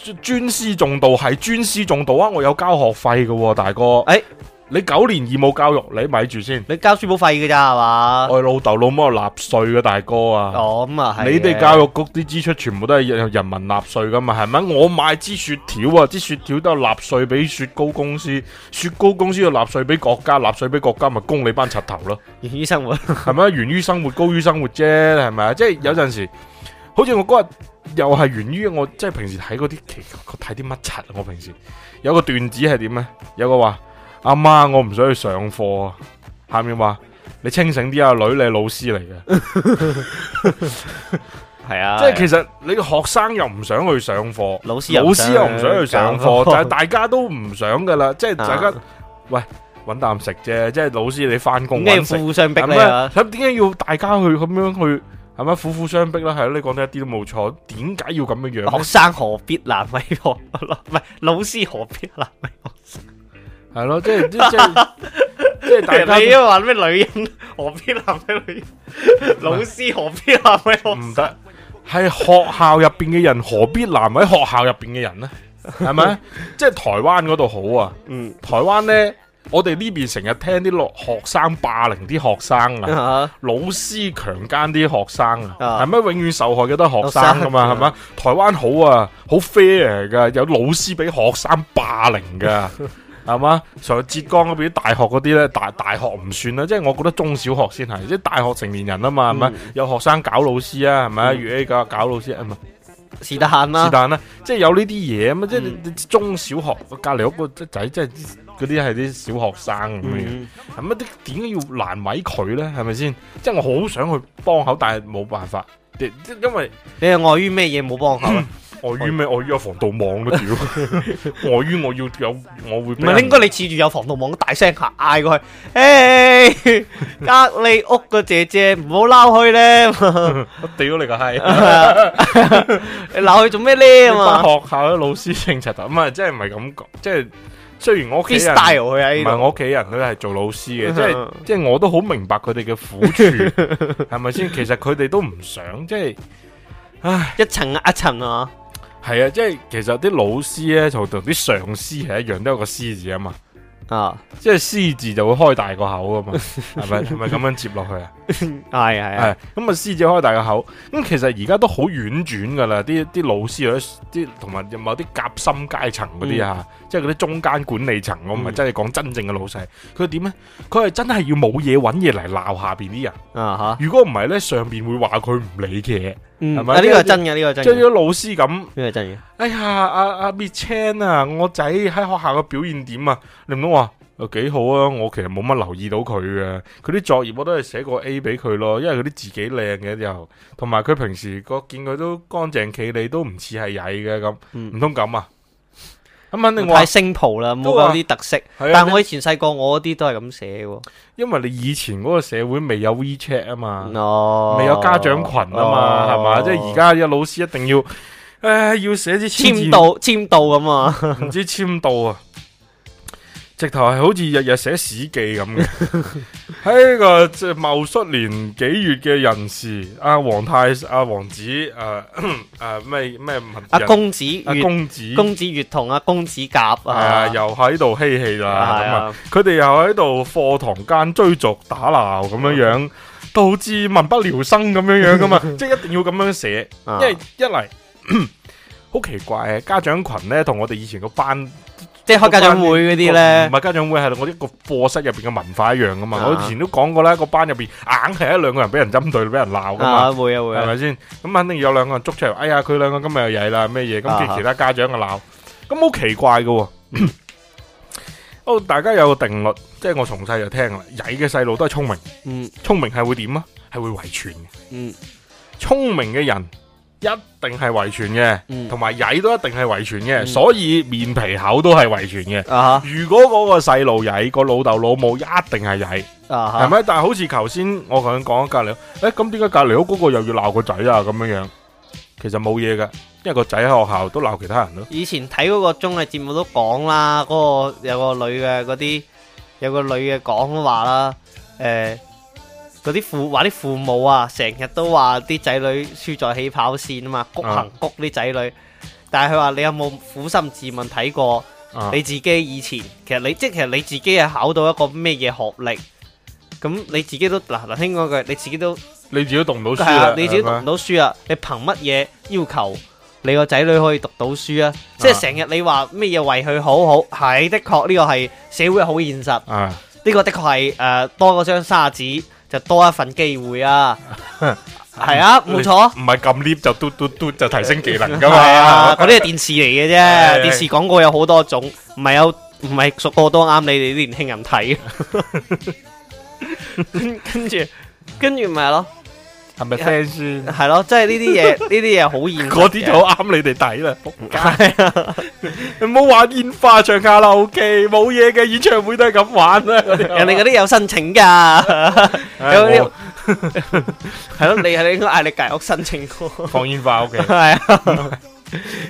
Speaker 1: 你尊師重道係尊師重道啊！我有交學費嘅，大哥。欸你九年義務教育，你咪住先。你交書簿費嘅咋係嘛？我老豆老母又納稅嘅，大哥啊。咁啊，係你哋教育局啲支出全部都係人民納稅噶嘛？係咪？我買支雪條啊，支雪條都係納稅俾雪糕公司，雪糕公司要納稅俾國家，納稅俾國家咪供你班柒頭咯。源於生活係咪？ 源於生活，高於生活啫，係咪？即係有陣時，好似我嗰日又係源於我，即係平時睇嗰啲奇，睇啲乜柒啊？我平時有個段子係點咧？有個話。阿媽，我唔想去上課。下面話你清醒啲啊，女你老師嚟嘅，
Speaker 2: 係 啊。即、就、係、是、其
Speaker 1: 實你個學生又唔想去上課，老師又不老師又唔想去上課，但、就、係、是、大家都唔想噶啦。即、啊、係大家，就是大家啊、喂搵啖食啫。即係、就是、老師你翻工，點解要苦苦相逼咧？咁點解要大家去咁樣去？係咪？苦苦相逼啦、啊？係咯、啊？你講得一啲都冇錯。點解要咁嘅樣？學生何必難為我？唔係老師何必難為我？呵呵呵係 咯，即係即係，即、
Speaker 2: 就、係、是就是、大家話咩女人，何必男？咩女人，老師何必男女？唔得，
Speaker 1: 係 學校入邊嘅人，何必男？喺學校入邊嘅人呢？係 咪？即、就、係、是、台灣嗰度好啊，嗯、台灣呢，我哋呢邊成日聽啲落學生霸凌啲學生啊，啊老師強奸啲學生啊，係、啊、咪？永遠受害嘅都係學生噶嘛，係咪、啊？台灣好啊，好 fair 噶，有老師俾學生霸凌噶。 係嘛？上浙江嗰邊啲大學嗰啲咧，大大學唔算啦，即係我覺得中小學先係，即係大學成年人啊嘛，係、嗯、咪有學生搞老師啊，係咪如 A 教搞老師啊嘛？嗯、是但啦，是但啦，即係有呢啲嘢嘛，即係你中小學隔籬屋個仔，即係啲嗰啲係啲小學生咁樣，係咪，點解要難為佢咧？係咪先？即係我好想去幫口，但係冇辦法，因為你係礙於咩嘢冇幫口啊？ 礙於咩？礙於 有防盜網都屌！礙於我要有，我會唔係應該？你恃
Speaker 2: 住有防盜網，大聲嗌過去，誒， 隔離屋個姐姐
Speaker 1: 唔好鬧佢咧！呢 我屌你個閪、哎， 你鬧佢做咩咧？嘛學校啲老師性柒突，唔係真係唔係咁講，即係雖然我屋企 style 佢係唔係我屋企人，佢係做老師嘅，即係即係我都好明白佢哋嘅苦處，係咪先？其實佢哋都唔想，即係唉，一層一層啊！係啊，即係其實啲老師咧，就同啲上司係一樣，都有個師字啊嘛。啊，即係師字就會開大個口啊嘛。係咪係咪咁樣接落去啊？
Speaker 3: 係
Speaker 1: 啊係啊。咁啊，師字開大個口。咁其實而家都好婉轉噶啦，啲啲老師或者啲同埋有某啲夾心階層嗰啲啊。嗯即係嗰啲中間管理層，我唔係真係講真正嘅老細。佢點咧？佢係真係要冇嘢揾嘢嚟鬧下邊啲人、uh-huh 面嗯、是是啊吓！如果唔係咧，上邊會話佢唔理嘅。係
Speaker 3: 咪呢個真嘅？呢個真將咗老師咁，
Speaker 1: 呢、這個真嘅。哎呀，阿、啊、阿、啊、Michan 啊，我仔喺學校嘅表現點啊？你唔通話又幾好啊？我其實冇乜留意到佢嘅。佢啲作業我都係寫個 A 俾佢咯，因為佢啲字幾靚嘅又，同埋佢平時個見佢都乾淨企理，都唔似係曳嘅咁，唔通咁啊？咁肯定太星途啦，冇講啲特色。但係我以前細個，我嗰啲都係咁寫喎。因為你以前嗰個社會未有 WeChat 啊嘛，未、哦、有家長群啊嘛，係、哦、嘛？即係而家有老師一定要，哦、唉，要寫啲簽、簽到簽到咁啊，唔知簽到啊。 直頭係好似日日寫史記咁嘅，喺 呢個即係茂戌年幾月嘅人士，阿、啊、王太、阿、啊、王子、誒誒咩咩？
Speaker 2: 阿公子、阿、啊啊、公子、公子
Speaker 1: 乙同阿公子甲啊，又喺度嬉戲啦。佢哋、啊、又喺度課堂間追逐打鬧咁樣樣，啊、導致民不聊生咁樣樣噶嘛？即 係一定要咁樣寫，啊、因為一嚟好、啊、奇怪、啊，家長群咧同我哋以前個班。即係開嗰啲呢嗰班，嗰唔係家長會嗰啲咧，唔係家長會，係我呢個課室入邊嘅文化一樣噶嘛。Uh-huh. 我以前都講過啦，個班入邊硬係一兩個人俾人針對，俾人鬧噶嘛。會啊會啊，係咪先？咁肯定有兩個人捉出嚟。哎呀，佢兩個今日又曳啦咩嘢？咁啲其他家長嘅鬧，咁、uh-huh. 好奇怪嘅、哦。 哦，大家有個定律，即係我從細就聽啦，曳嘅細路都係聰明。嗯，聰明係會點啊？係會遺傳嘅。嗯，聰明嘅人。一定係遺傳嘅，同埋曳都一定係遺傳嘅，所以面皮厚都係遺傳嘅。如果嗰個細路曳，個老豆老母一定係曳，係、啊、咪？但係好似頭先我同你講隔離屋，咁點解隔離屋嗰個又要鬧個仔啊？咁樣樣，其實冇嘢噶，因為個仔喺學校都鬧其他人咯。以
Speaker 2: 前睇嗰個綜藝節目都講啦，嗰、嗰個有個女嘅嗰啲有個女嘅講話啦，誒、呃。嗰啲父話啲父母啊，成日都話啲仔女輸在起跑線啊嘛，谷行谷啲仔女。嗯、但係佢話你有冇苦心自問睇過你自己以前？嗯、其實你即其實你自己係考到一個咩嘢學歷？咁你自己都嗱，林、啊、聽句，你自己都，你自己，都、啊、你自己讀唔到書你自己讀唔到書啊！你憑乜嘢要求你個仔女可以讀到書啊？嗯、即係成日你話咩嘢為佢好好？係的確呢個係社會好現實。呢、嗯這個的確係誒多咗張沙紙。就多一份機會
Speaker 1: 啊，係啊，冇錯，唔係撳 lift 就嘟嘟嘟就提升技能噶嘛，嗰啲係
Speaker 2: 電視嚟嘅啫，電視廣告有好多種，唔係有唔係熟過都啱你哋啲年輕人睇，跟跟住跟住咪咯。係咪聽先？係咯，即係呢啲嘢，呢啲嘢好現。嗰啲就好啱你
Speaker 1: 哋睇啦，仆
Speaker 2: 街啊！你唔好玩煙花唱卡拉 OK，冇嘢嘅演唱會都係咁玩啦。人哋嗰啲有申請噶，有啲係咯，你係你應該嗌你隔屋申請放煙花 OK，係啊。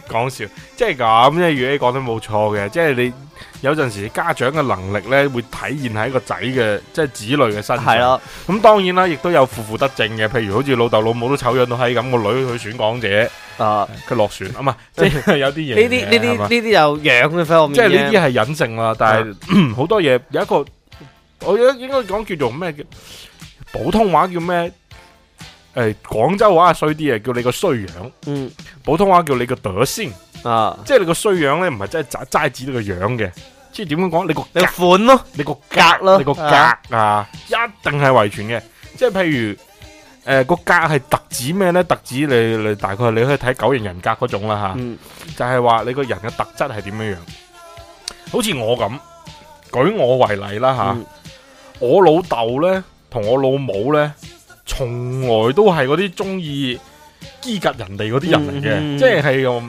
Speaker 1: 講， 笑，即係咁，即係如果你講得冇錯嘅，即係你有陣時家長嘅能力咧，會體現喺個仔嘅， 即係子女嘅身上。係啦，咁當然啦，亦都有負負得正嘅，譬如好似老豆老母都醜樣到喺咁，個女去選港姐，啊，佢落選啊嘛，即係有啲嘢。呢啲呢啲呢啲有樣嘅 f 即係呢啲係隱性啦，但係好多嘢有一個，我覺得應該講叫做咩？普通話叫咩？誒、呃，廣州話衰啲啊，叫你個衰樣。嗯，普通話叫你個嗲先。啊，即係你個衰樣咧，唔係真係齋指你個樣嘅、啊，即係點樣講？你個你個款咯，你個
Speaker 3: 格，格咯、啊，你個格啊，
Speaker 1: 啊，一定係遺傳嘅。即係譬如誒，個、呃、格係特指咩咧？特指你你，你大概你可以睇九型人格嗰種啦吓、啊嗯。就係、是、話你個人嘅特質係點樣樣？好似我咁，舉我為例啦吓、啊嗯。我老豆咧，同我老母咧。從來都係嗰啲中意激人哋嗰啲人嚟嘅，嗯、即係又唔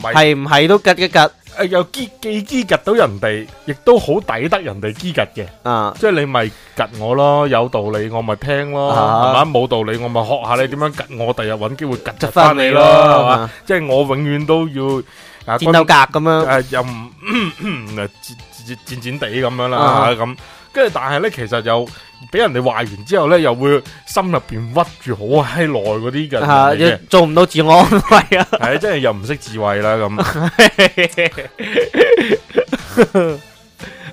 Speaker 1: 係唔係激激激又唔係係唔係都激一又激激激到人哋，亦都好抵得人哋激嘅。啊，即係你咪激我咯，有道理我咪聽咯，係、啊、冇道理我咪學下你點樣激，我第日搵機會激返你咯，係嘛？即係我永遠都要、啊、戰鬥格咁樣、啊，又唔唔唔，戰戰地咁樣啦，咁。跟住，但係咧，其實又俾人哋話完之後咧，又會心入邊屈住好閪耐嗰啲人，係做唔到自我安慰啊！係真係又唔識自慰啦咁。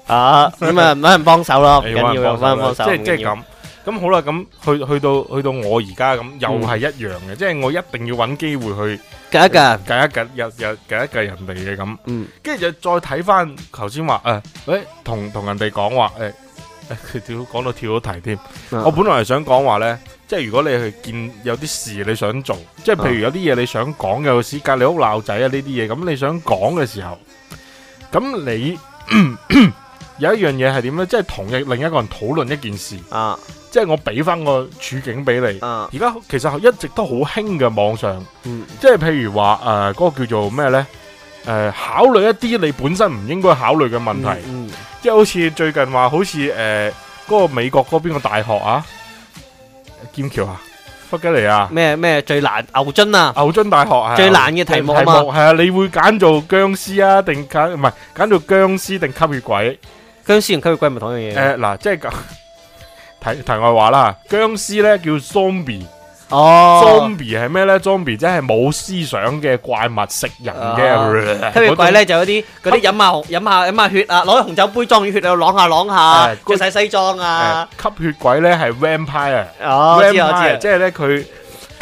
Speaker 1: 啊，咁啊，搵人幫手咯，唔緊要，搵人幫手，即係即係咁。咁好啦，咁去去到去到我而家咁，又係一樣嘅，即係我一定要搵機會去計一計，計一計，又又計一計人哋嘅咁。嗯，跟住就再睇翻頭先話啊，誒，同同人哋講話誒。佢跳講到跳咗題添，uh, 我本來係想講話咧，即係如果你去見有啲事你想做，即係譬如有啲嘢你想講嘅時隔籬屋鬧仔啊呢啲嘢，咁你想講嘅時候，咁你 有一樣嘢係點咧？即係同另一個人討論一件事啊，uh, 即係我俾翻個處境俾你而家，uh, 其實一直都好興嘅網上，uh, um, 即係譬如話誒嗰個叫做咩咧？誒、呃，考慮一啲你本身唔應該考慮嘅問題，嗯嗯、即係好似最近話，好似誒嗰個美國嗰邊個大學啊，劍橋啊，弗吉尼啊，咩咩最難牛津啊，牛津大學啊，最難嘅題目啊，係啊，你會揀做僵屍啊，定揀唔係揀做僵屍定吸血鬼？僵屍同吸血鬼唔同一樣嘢，啊。誒、呃，嗱，即係講題題外話啦，僵屍咧叫 zombie。哦、oh，zombie 係咩咧？zombie 即係冇思想嘅怪物的，食人嘅吸血鬼咧就，就
Speaker 2: 有啲嗰啲飲下飲下飲下血啊，攞紅酒杯裝住血啊，
Speaker 1: 啷下啷下，着、哎、晒西裝啊、哎。吸血鬼咧係 vampire 哦 vampire 即係咧佢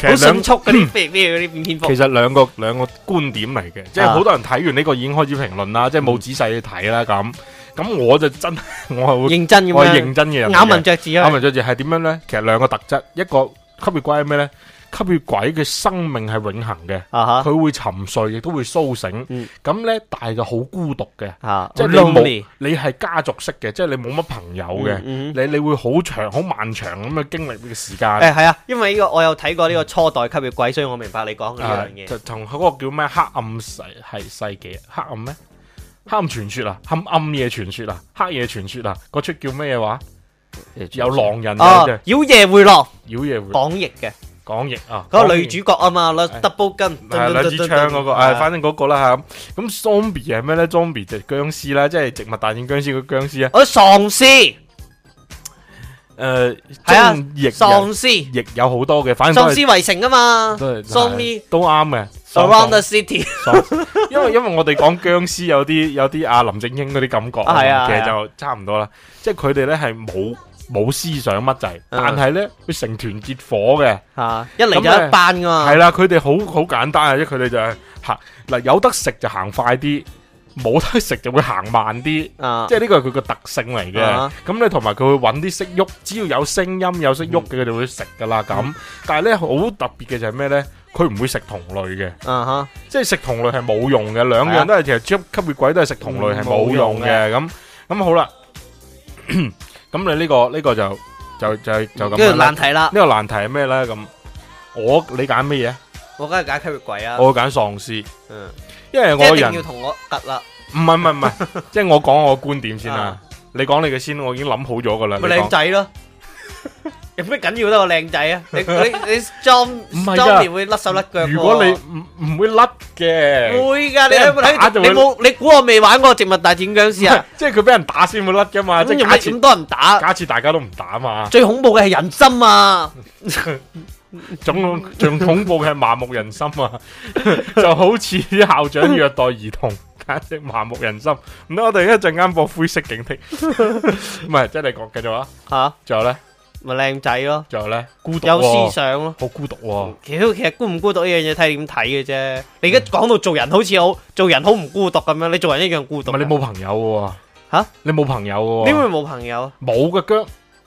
Speaker 1: 好迅速
Speaker 2: 啲。其實
Speaker 1: 兩、嗯、個兩個觀點嚟嘅，即係好多人睇完呢個已經開始評論啦，即係冇仔細去睇啦咁。咁我就真、嗯、 我係會認真，我係認真嘅咬文嚼字啊，咬文嚼字係點樣咧？其實兩個特質，一個。吸血鬼係咩咧？吸血鬼嘅生命係永恒嘅，佢、uh-huh. 會沉睡，亦都會蘇醒。咁、uh-huh. 咧，但係就好孤獨嘅，uh-huh. 即係你冇，你係家族式嘅，uh-huh. 即係你冇乜朋友嘅、uh-huh.。你你會好長、好漫長咁嘅經歷呢個時間。誒，係啊，因為呢、這個我有睇過呢個初代吸血鬼，所以我明白你講嘅呢樣嘢。同、uh, 嗰個叫咩黑暗世係世紀黑暗咩？黑暗傳說啊，黑暗暗夜傳說啊，黑夜傳說啊，嗰出、啊、叫咩話？有狼人啊，妖夜會狼，妖夜會，港譯嘅港譯啊，嗰個女主角啊嘛，攞 double
Speaker 2: gun，兩支槍嗰個，誒、哎啊，反正
Speaker 1: 嗰個啦吓，咁、啊、zombie 係咩咧？zombie 就係僵屍啦，即、就、係、是、植物大戰僵屍嗰僵屍啊，哦，喪屍。誒、呃，係啊，喪屍亦有好多嘅，反喪屍圍
Speaker 2: 城啊嘛，都係
Speaker 1: 都啱嘅，around the city。因為 因為我哋講僵屍有啲有啲阿林正英嗰啲感覺、啊啊，其實就差唔多啦。即係佢哋咧係冇冇思想乜滯，但係咧佢成團結伙嘅，吓一嚟就一班噶嘛。係啦，佢哋好好簡單啊，即係佢哋就係行嗱有得食就行快啲，冇得食就會行慢啲，即係呢個係佢個特性嚟嘅。咁你同埋佢會揾啲識喐，只要有聲音有識喐嘅，佢就會食噶啦咁。但係咧好特別嘅就係咩咧？佢唔會食同類嘅，即係食同類係冇用嘅。兩樣都係其實吸吸血鬼都係食同類係冇用嘅。咁咁好啦，咁你呢個呢個就就就係就咁。呢個難題啦，呢個難題係咩咧？咁我你揀咩嘢？
Speaker 2: 我梗係揀吸血鬼啊！我會
Speaker 1: 揀喪屍。嗯。因為我人一定要同我得啦，唔係唔係唔係，即係我講我觀點先啦，你講你嘅先，我已經諗好咗噶啦。靚仔
Speaker 2: 咯，有咩緊要得我靚仔啊？你你你裝裝面會甩手甩腳。如果你
Speaker 1: 唔唔會甩嘅，
Speaker 2: 會噶你睇睇，你冇
Speaker 1: 你估我未玩過植物大戰僵屍啊？即係佢俾人打先會甩噶嘛？咁又點多人打？假設大家都唔打嘛？最恐怖嘅係人心啊！總共仲恐怖嘅係麻木人心啊，就好似啲校長虐待兒童，簡直麻木人心。唔得，我哋一陣間播灰色警惕。唔係，即係你講繼續啊。吓，仲有咧？咪靚仔咯。仲有咧？孤獨。有思
Speaker 2: 想咯。好孤獨。其實，其實孤唔孤獨呢樣嘢睇你點睇嘅啫。你而家講到做人好
Speaker 1: 似好，做人好唔孤獨咁樣，你做人一樣孤獨。唔係你冇朋友喎。吓，你冇朋友喎。點會冇朋友啊？冇嘅腳。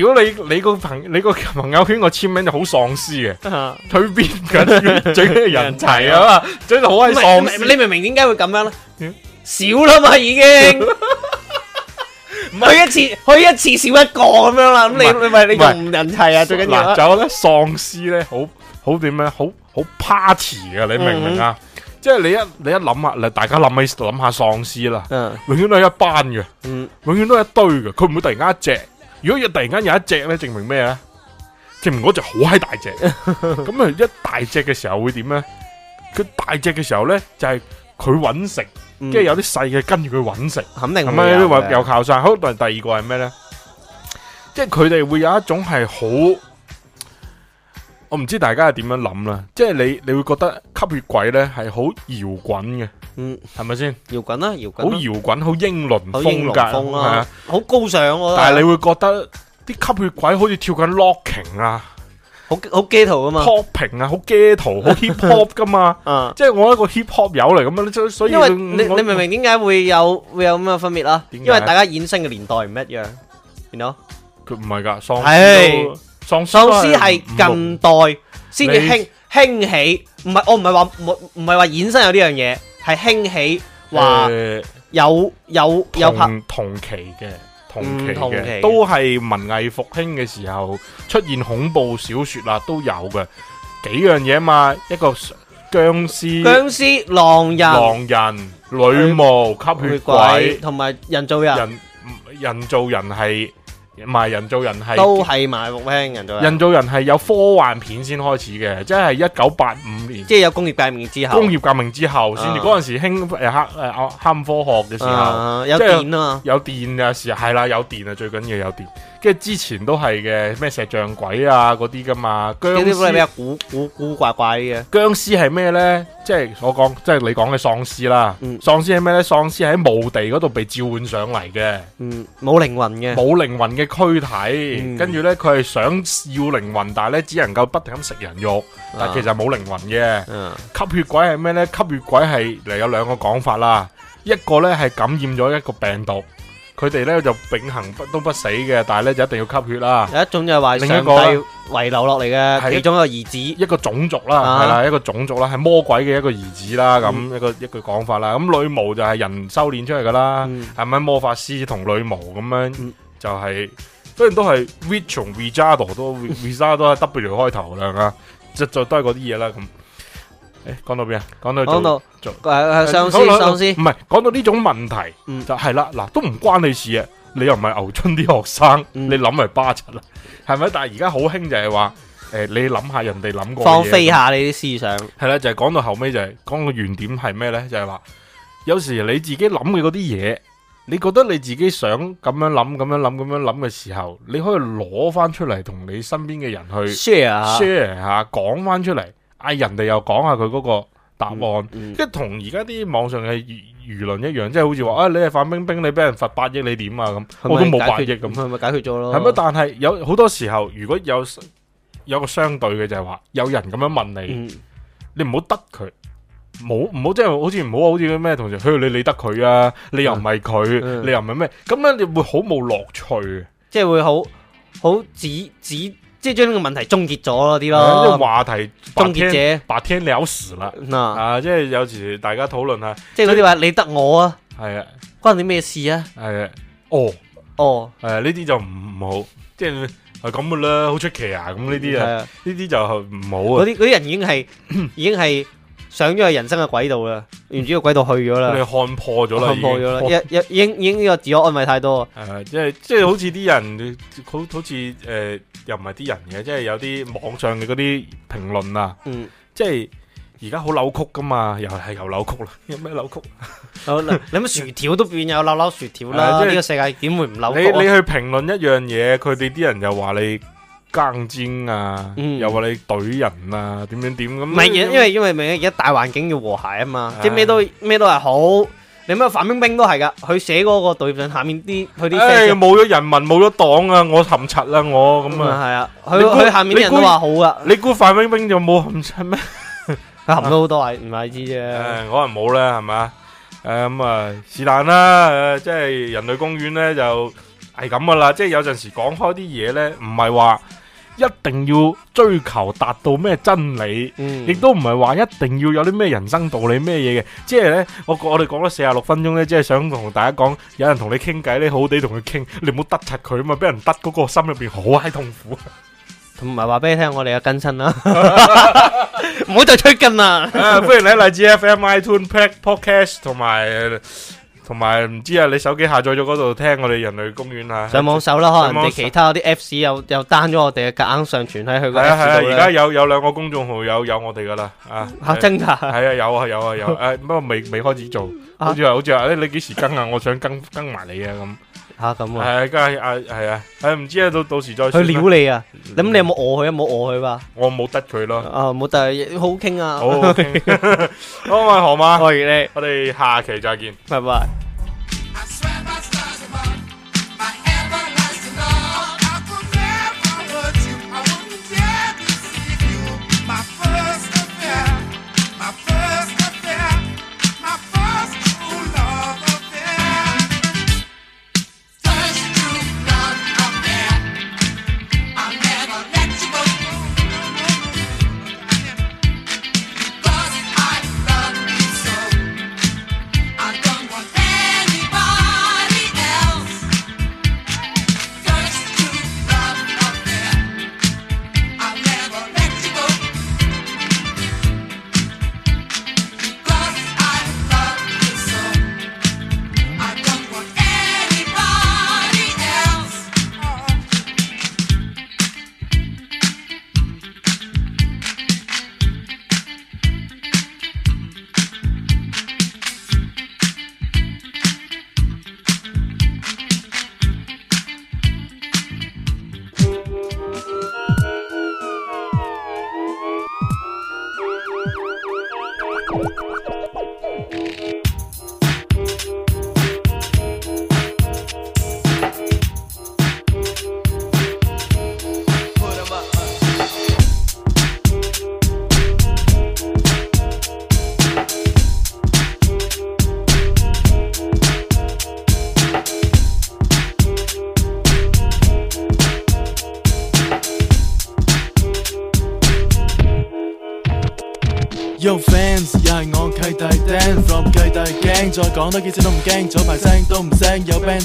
Speaker 1: 如果你你個朋你個朋友圈個簽名就好喪屍嘅，退邊嘅最緊要人齊啊， 最
Speaker 2: 緊好係喪。你明唔明點解會咁樣咧？少啦嘛，已經。
Speaker 1: 唔 去一次，去一次少一個咁樣啦。咁你你咪你人齊啊？最緊要。嗱，就咧喪屍咧，好好點咧？好樣好，好 party 嘅，你明唔明啊？嗯嗯即係你一你一諗下，你大家諗起諗下喪屍啦，永遠都係一班嘅、嗯，永遠都係一堆嘅，佢唔會突然間一隻。如果要突然間有一隻咧，證明咩啊？證明嗰隻好閪大隻，咁 啊一大隻嘅時候會點咧？佢大隻嘅時候咧，就係佢搵食，嗯、的跟住有啲細嘅跟住佢搵食。肯定係咪？又靠晒。好，但係第二個係咩咧？即係佢哋會有一種係好。我唔知大家係點樣諗啦，即係你你會覺得吸血鬼咧係好搖滾嘅，嗯，係咪先？搖滾啦，搖滾，好搖滾，好英倫風噶，係啊，好高尚。但係你會覺得啲吸血鬼好似跳緊 locking 啊，好好 ghetto 啊嘛，popping 啊，好 ghetto，好 hip hop 噶嘛，嗯，即係我一個 hip hop 友嚟，咁樣，所以因為你你明唔明點解會有會有咁嘅分
Speaker 2: 別啦？因為大家衍生嘅年代唔一樣，見到佢唔係噶喪屍都。喪屍係近代先至興興起，唔係我唔係話唔係話衍生有呢樣嘢，係興起話、
Speaker 1: 呃、有有有拍同，同期嘅同期嘅，都係文藝復興嘅時候出現恐怖小說啦，都有嘅幾樣嘢嘛，一個僵屍、僵屍、狼人、狼人、女巫、吸血鬼，同埋人造人，人，人造人係。埋人造人係都係埋，冇聽人造人。人造人係有科幻片先開始嘅，即係一九八五年。即係有工業革命之後。工業革命之後，先至嗰陣時興誒黑誒啊，黑科學嘅時候，啊，有電啊，有電嘅時係啦，有電啊，最緊要有電。跟之前都係嘅，咩石像鬼啊嗰啲噶嘛，殭屍嗰啲咩古古古怪怪嘅。殭屍係咩呢？即係我講，即係你講嘅喪屍啦。喪屍係咩呢？喪屍喺墓地嗰度被召喚上嚟嘅，冇、嗯、靈魂嘅，冇靈魂嘅軀體。跟、嗯、住呢，佢係想要靈魂，但係呢，只能夠不停咁食人肉、啊，但其實冇靈魂嘅、啊。吸血鬼係咩呢？吸血鬼係嚟有兩個講法啦，一個呢係感染咗一個病毒。佢哋咧就永恆不都不死嘅，但係咧就一定要吸血啦。有一種就係上帝遺留落嚟嘅其中一個兒子，另一，個一個種族啦，係、啊、啦，一個種族啦，係魔鬼嘅一個兒子啦，咁、嗯、一個一句講法啦。咁女巫就係人修煉出嚟噶啦，係、嗯、咪魔法師同女巫咁樣？就係、是嗯、雖然都係 witch 同 wizard 都 wizard 都係 w 開頭啦，實就都係嗰啲嘢啦咁。誒、欸，講到邊啊？講到講到，上司上司，唔係講到呢種問題、嗯、就係、是、啦，嗱都唔關你事啊，你又唔係牛津啲學生，嗯、你諗咪巴七啦，係咪？但係而家好興就係話，誒、呃，你諗下人哋諗過的，放飛下你啲思想，係啦，就係、是、講到後尾、就是，就係講個原點係咩咧？就係話有時你自己諗嘅嗰啲嘢，你覺得你自己想咁樣諗、咁樣諗、咁樣諗嘅時候，你可以攞翻出嚟同你身邊嘅人去 share share 下，講翻出嚟。嗌人哋又講下佢嗰個答案，即係同而家啲網上嘅輿論一樣，嗯、即係好似話啊，你係范冰冰，你俾人罰八億，你點啊咁？我都冇八億咁，咪解決咗咯。係咪？但係有好多時候，如果有有個相對嘅就係話，有人咁樣問你，嗯、你唔、就是、好，好，好你你唔好得佢，冇唔好即係好似唔好好似咩同事去你理得佢啊？你又唔係佢，你又唔係咩？咁、嗯、樣你會好冇樂趣，即係會好好指指。即係將呢個問題終結咗嗰啲咯，嗯、話題終結者，白天了事啦，啊，啊，即係有時大家討論下，
Speaker 2: 即係嗰啲話你得我啊，係啊，關你咩事啊，
Speaker 1: 係啊，哦，哦，誒、啊，呢啲就唔唔好，即係係咁噶啦，好出奇啊，咁呢啲啊，呢啲就唔好啊，嗰啲嗰啲人已經係 已經係。
Speaker 2: 上咗去人生嘅軌道啦，原主嘅軌道去咗啦，你看破咗啦，看破咗啦，一一已經已經
Speaker 1: 呢個自我安慰太多。誒，即係即係好似啲人，好好似誒，又唔係啲人嘅，即係有啲網上嘅嗰啲評論啊，嗯，即係而家好扭曲噶嘛，又係又扭曲啦，有咩扭曲？你咩薯條都變有扭扭薯條啦，呢個世界點會唔扭曲？你你去評論一樣嘢，佢哋啲人又話你。爭尖啊，又話你懟人啊，點點點咁。唔係，因為因
Speaker 2: 為因為而家大環境要和諧啊嘛，即係咩都咩都係好。你乜范冰冰都係噶，佢寫嗰個
Speaker 1: 對聯下面啲佢啲，誒冇咗人民冇咗黨啊，我含柒啦我咁啊，係啊，佢佢下面啲人都話好噶，你估范冰冰就冇含柒咩？含咗好多係唔係知啫？誒，可能冇啦，係咪啊？誒，咁啊，是但啦，即係人類公園咧就係咁噶啦，即係有陣時講開啲嘢咧，唔係話。一定要追求達到咩真理，亦都唔係話一定要有啲咩人生道理咩嘢嘅，即係呢，就是、我我哋講咗四十六分鐘呢，即係想同大家講，有人同你傾偈你好好地同佢傾，你唔好得罪佢啊嘛，俾人得罪嗰個心入邊好嗨痛苦，同埋話俾你聽，我哋嘅更新啦，
Speaker 2: 唔好 再吹筋啦，歡
Speaker 1: 迎你嚟自 F M I Tune Pack Podcast 同埋。同埋唔知啊，你手機下載咗嗰度聽我哋人類公園啊？上網搜啦，可能你其他啲 Apps 又單咗我哋嘅，夾硬上傳喺佢嗰度。係係、啊，而家、啊、有有兩個公眾號有有我哋噶啦啊！真、啊、噶？係啊，啊，啊，有啊有啊有啊，誒、 啊，不過未未開始做，好似話好似話你幾時更啊？我想更更埋你啊咁。吓咁啊！係啊，梗係啊，係啊，誒、啊，唔、啊啊、知啊，到到時再。佢撩你啊？
Speaker 2: 咁、嗯啊、你有冇餓佢，啊？冇餓佢吧？我冇得佢咯、哦。啊，冇得，好好傾啊！好，
Speaker 1: 好，我係河馬，歡迎你，我哋下期再見，拜拜。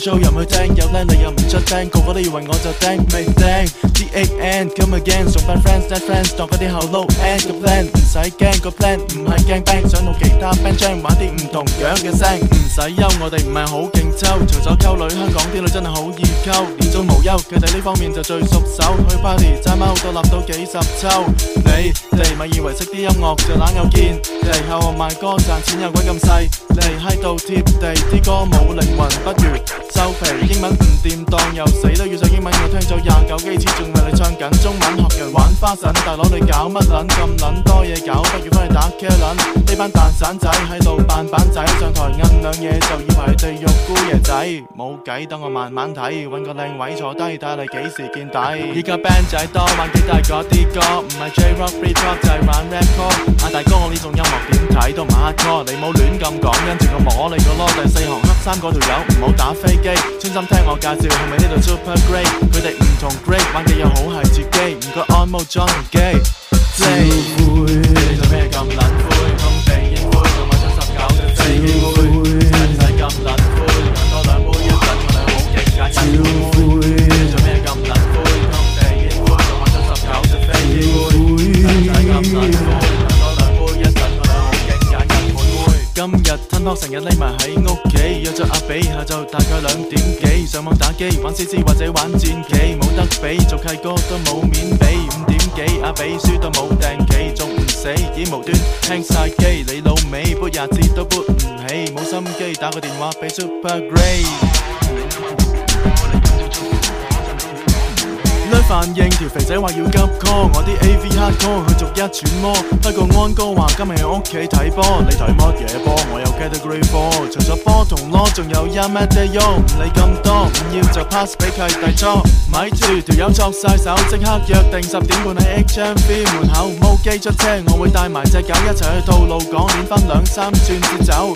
Speaker 4: 又唔去聽，有僆嚟又唔出聲，個個都以為我就頂未頂。D A N come again，送返 friends that friends，當緊啲後 load。Plan 唔使驚，個 plan 唔係驚 bang，想同其他 band 將玩啲唔同樣嘅聲。唔使憂，我哋唔係好勁抽，除咗溝女，香港啲女真係好易溝，年終無憂，佢哋呢方面就最熟手。去 party，揸埋好多，立到幾十抽。你哋咪以為識啲音樂就冷有見，嚟後我賣歌賺錢又鬼咁細。你喺度貼地啲歌冇靈魂，不如收皮。英文唔掂當又死都要唱英文，我聽咗廿九幾次仲為你唱緊中文，學人玩花神大佬，你搞乜撚咁撚多嘢搞，不如翻去打茄輪。呢班蛋散仔喺度扮板仔，上台摁兩嘢就以為係地獄姑爺仔，冇計，等我慢慢睇，揾個靚位坐低睇下你幾時見底。而家 band 仔多玩幾大嗰啲歌，唔係 J rock free pop 就係玩 rap core。阿大哥我呢種音樂點睇都唔係 hardcore，你冇亂咁講。跟住個望我哋個囉，第四行黑衫嗰條友唔好打飛機，專心聽我介紹，係咪呢度 super great？佢哋唔同 great 玩嘅又好係節 game，唔該按摩裝熱機。C C 或者玩戰棋，冇得比，做契哥都冇面俾。五點幾啊，阿比輸都冇掟棋，仲唔死？已無端聽晒機，你老味撥日子都撥唔起，冇心機，打個電話俾 Super Grey。應條肥仔話要急 call，我啲 AV hard call 去逐一轉摩。不過安哥話今日喺屋企睇波，你睇乜嘢波？我有 category 波，除咗波同攞，仲有一咩 day，唔理咁多，唔要就 pass 俾契弟捉。咪住，條友作曬手，即刻約定十點半喺 HMV 門口。冇機出車，我會帶埋隻狗一齊去道路港，攤翻兩三轉先走。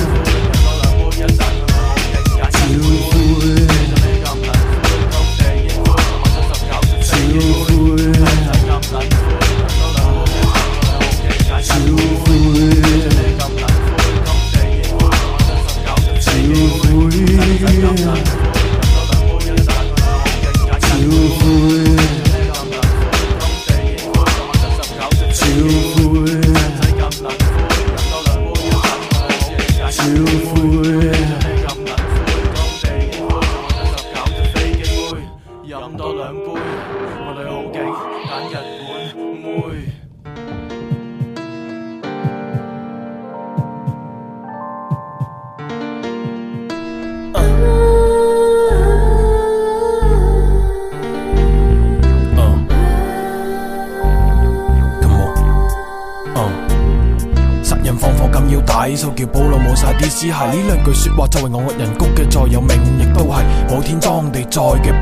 Speaker 5: 話作為我惡人谷的，谷嘅座右銘，亦都係冇天裝地在嘅。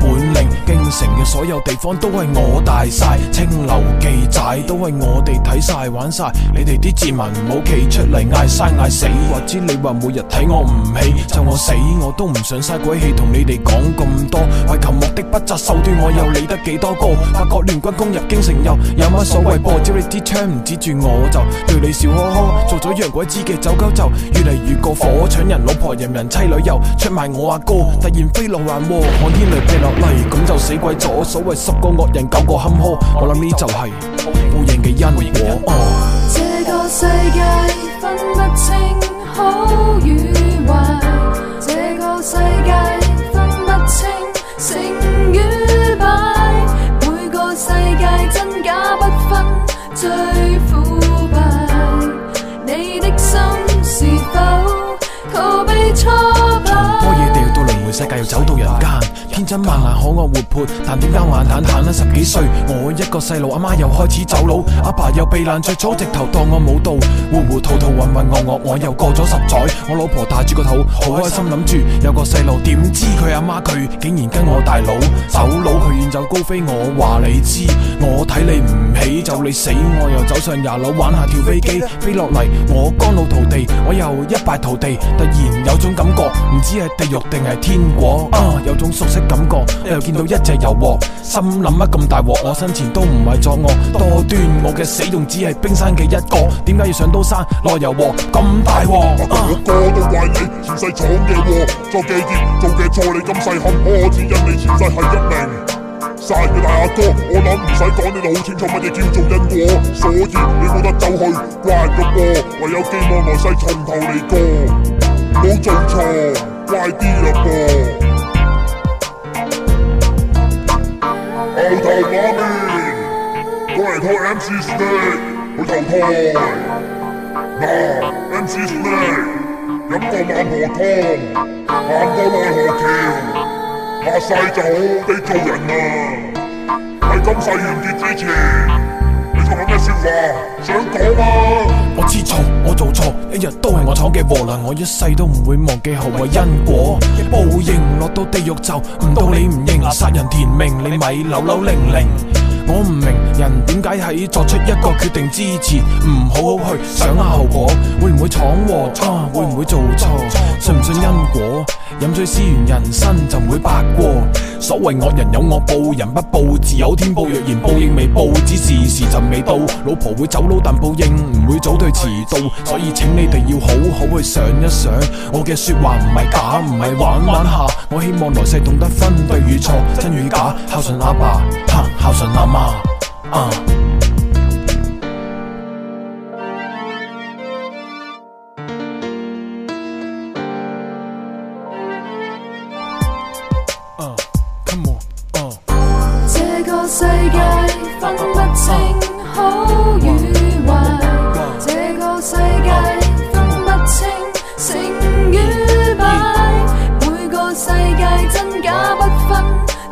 Speaker 5: 所有地方都係我大曬，青樓妓仔都係我哋睇曬玩曬，你哋啲字文唔好企出嚟嗌生嗌死，或者你話每日睇我唔起，就我死我都唔想嘥鬼氣同你哋講咁多，為求目的不擇手段，我又理得幾多個？八國聯軍攻入京城又有乜所謂？波朝你啲槍唔指住我就對你笑呵呵，做咗洋鬼子嘅走狗就越嚟越過火，搶人老婆人人妻女又出賣我阿哥，突然飛龍幻禍，旱天雷劈落嚟，咁就死鬼咗。所謂十個惡人九個坎坷，我諗呢就係報應嘅因果。
Speaker 3: 這個世界分不清好與壞，這個世界分不清成與敗，每個世界真假不分最腐敗。你的心是否逃避錯判？從波
Speaker 5: 野掉到輪回世界，又走到人間。天真浪漫可愛活潑，但點解眼淡淡啦？十幾歲，我一個細路，阿媽又開始走佬，阿爸又避難出走，直頭當我冇到，糊糊塗塗渾渾噩噩，我又過咗十載，我老婆大住個肚，好開心諗住有個細路，點知佢阿媽佢竟然跟我大佬走佬，佢遠走高飛，我話你知，我睇你唔起，就你死，我又走上廿樓玩下跳飛機，飛落嚟我肝腦塗地，我又一敗塗地，突然有種感覺，唔知係地獄定係天國，啊有種熟悉。感覺你又見到一隻油鑊，心諗乜咁大鑊，我生前都唔係作惡多端，我嘅死仲只係冰山嘅一角，點解要上刀山？落油鑊咁大鑊，阿哥都怪你前
Speaker 6: 世造嘅禍，做嘅孽，做嘅錯，你今世坎坷只因你前世係一名嘥嘅大阿哥，我諗唔使講你就好清楚乜嘢叫做因果，所以你冇得走去怪個禍，唯有寄望來世從頭嚟過，冇做錯，乖啲啦噃。
Speaker 3: 牛頭馬面，過嚟拖 MC Snake 去投胎。嗱、啊、MC Snake，飲過孟婆湯，
Speaker 6: 行過奈何橋，話晒就好好哋做人啦，喺今世完結之前。
Speaker 2: 講咩說話？想
Speaker 5: 講啊？我知錯，我做錯，一日都係我闖嘅禍，嗱，我一世都唔會忘記，何為因果。報應落到地獄就唔到你唔認，殺人填命你咪扭扭擰擰。我唔明人點解喺作出一個決定之前，唔好好去想下後果，會唔會闖禍啊？會唔會做錯？信唔信因果？飲水思源人生，就唔會白過。所謂惡人有惡報，人不報，自有天報。若然報應未報，只是時辰未到。老婆會走佬，但報應唔會早退遲到。所以請你哋要好好去想一想，我嘅說話唔係假，唔係玩玩下。我希望來世懂得分對與錯，真與假，孝順阿爸，孝順阿媽。啊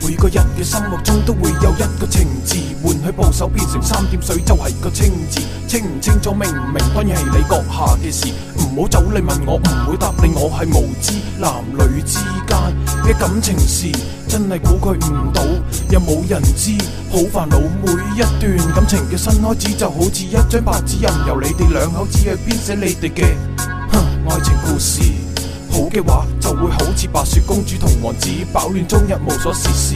Speaker 5: 每個人嘅心目中都會有一個情字，換去部首變成三點水就係個清字清清。清唔清楚明唔明都係你閣下嘅事，唔好走你問我，唔會答你，我係無知。男女之間嘅感情事。真係估佢唔到，又冇人知，好煩惱。每一段感情嘅新開始，就好似一張白紙，任由你哋兩口子去編寫你哋嘅哼愛情故事。好嘅話就會好似白雪公主同王子飽暖終日無所事事，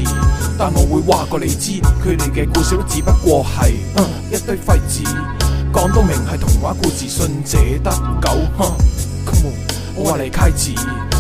Speaker 5: 但我會話過你知，佢哋嘅故事都只不過係一堆廢紙。講到明係童話故事，信者得狗。哼，on，我話你街子。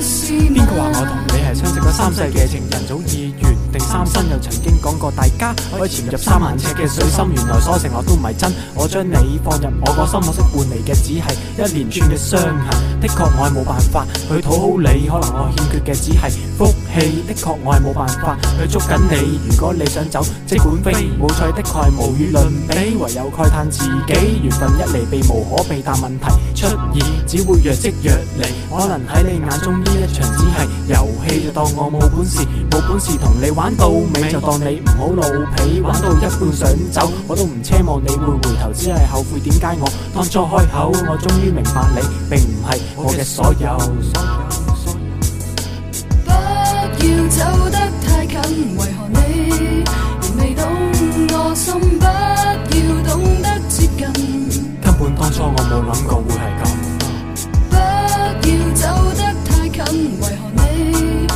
Speaker 3: 邊個話？我同
Speaker 6: 你係相識咗三世嘅情人，早已完？定三生又曾經講過，大家可以潛入三萬尺嘅水深，原來所承我都唔係真。我將你放入我個心，我識換嚟嘅只係一連串嘅傷痕。的確我係冇辦法去討好你，可能我欠缺嘅只係福氣。的確我係冇辦法去捉緊你，如果你想走，即管飛。冇趣的確係無與倫比，唯有慨嘆自己緣分一嚟避無可避，但問題出現只會若即若離。可能喺你眼中呢一場只係遊戲，就當我冇本事，冇本事同你。玩到尾就當你唔好老皮，玩到一半想走，我都唔奢望你會回頭，只係後悔點解我當初開口，我終於明白你並唔係我嘅所有。所有，
Speaker 3: 所有，所有。不要走得太近，為何你未懂我心？不要懂得接近，
Speaker 6: 根本當初我冇諗過會係咁。
Speaker 3: 不要走得太近，為何你？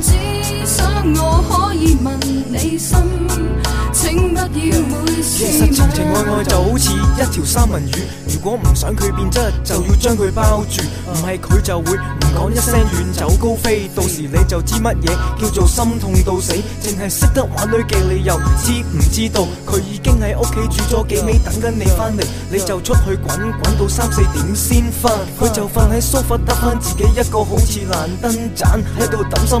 Speaker 3: 只想我可以問其、yeah, 實情情愛愛就
Speaker 6: 好似一條三文魚，如果唔想佢變質，就要將佢包住，唔係佢就會唔講一聲遠走高飛，到時你就知乜嘢叫做心痛到死。淨係識得玩女嘅理由，知唔知道佢已經喺屋企煮咗幾味等緊你翻嚟，你就出去滾滾到三四點先翻，佢就瞓喺梳發得翻自己一個好難，好似爛燈盞喺度抌心。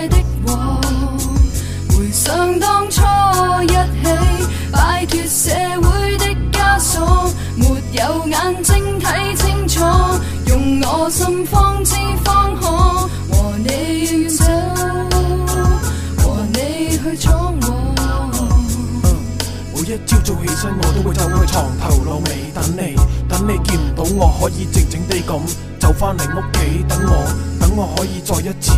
Speaker 3: 想當初一起擺脫社會的枷鎖，沒有眼睛睇清楚，用我心方知方可和你遠走，和你去闖禍，嗯嗯。每一朝早
Speaker 5: 起身，我都會走去床頭露尾等你，等你見唔到我可以靜靜地咁，走翻嚟屋企等我，等我可以再一次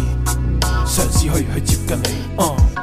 Speaker 5: 嘗試去去
Speaker 3: 接近你。嗯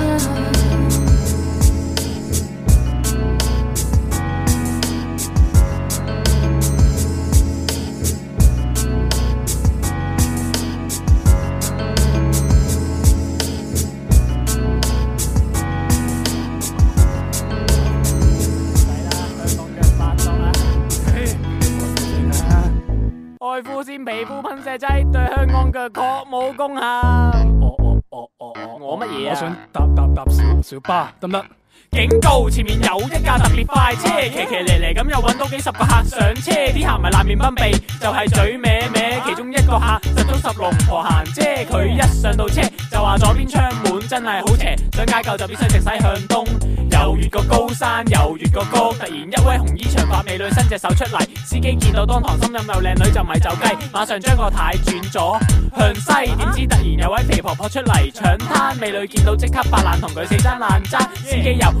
Speaker 6: 外護性皮膚噴射劑對香港腳確冇功效。我我乜嘢啊？我想搭搭搭，搭小巴得唔得？行不行警告！前面有一架特別快車，騎騎咧咧咁又揾到幾十個客上車，啲客唔係爛面崩鼻，就係、是、嘴歪歪。其中一個客實都十六婆行姐，佢一上到車就話左邊窗門真係好邪。想解救就必須直駛向東，又越個高山又越個高。突然一位紅衣長髮美女伸隻手出嚟，司機見到當堂心諗，有靚女就咪走雞，馬上將個軚轉咗向西。點知突然有位肥婆婆出嚟搶灘，美女見到即刻白爛同佢死爭爛爭，司機又。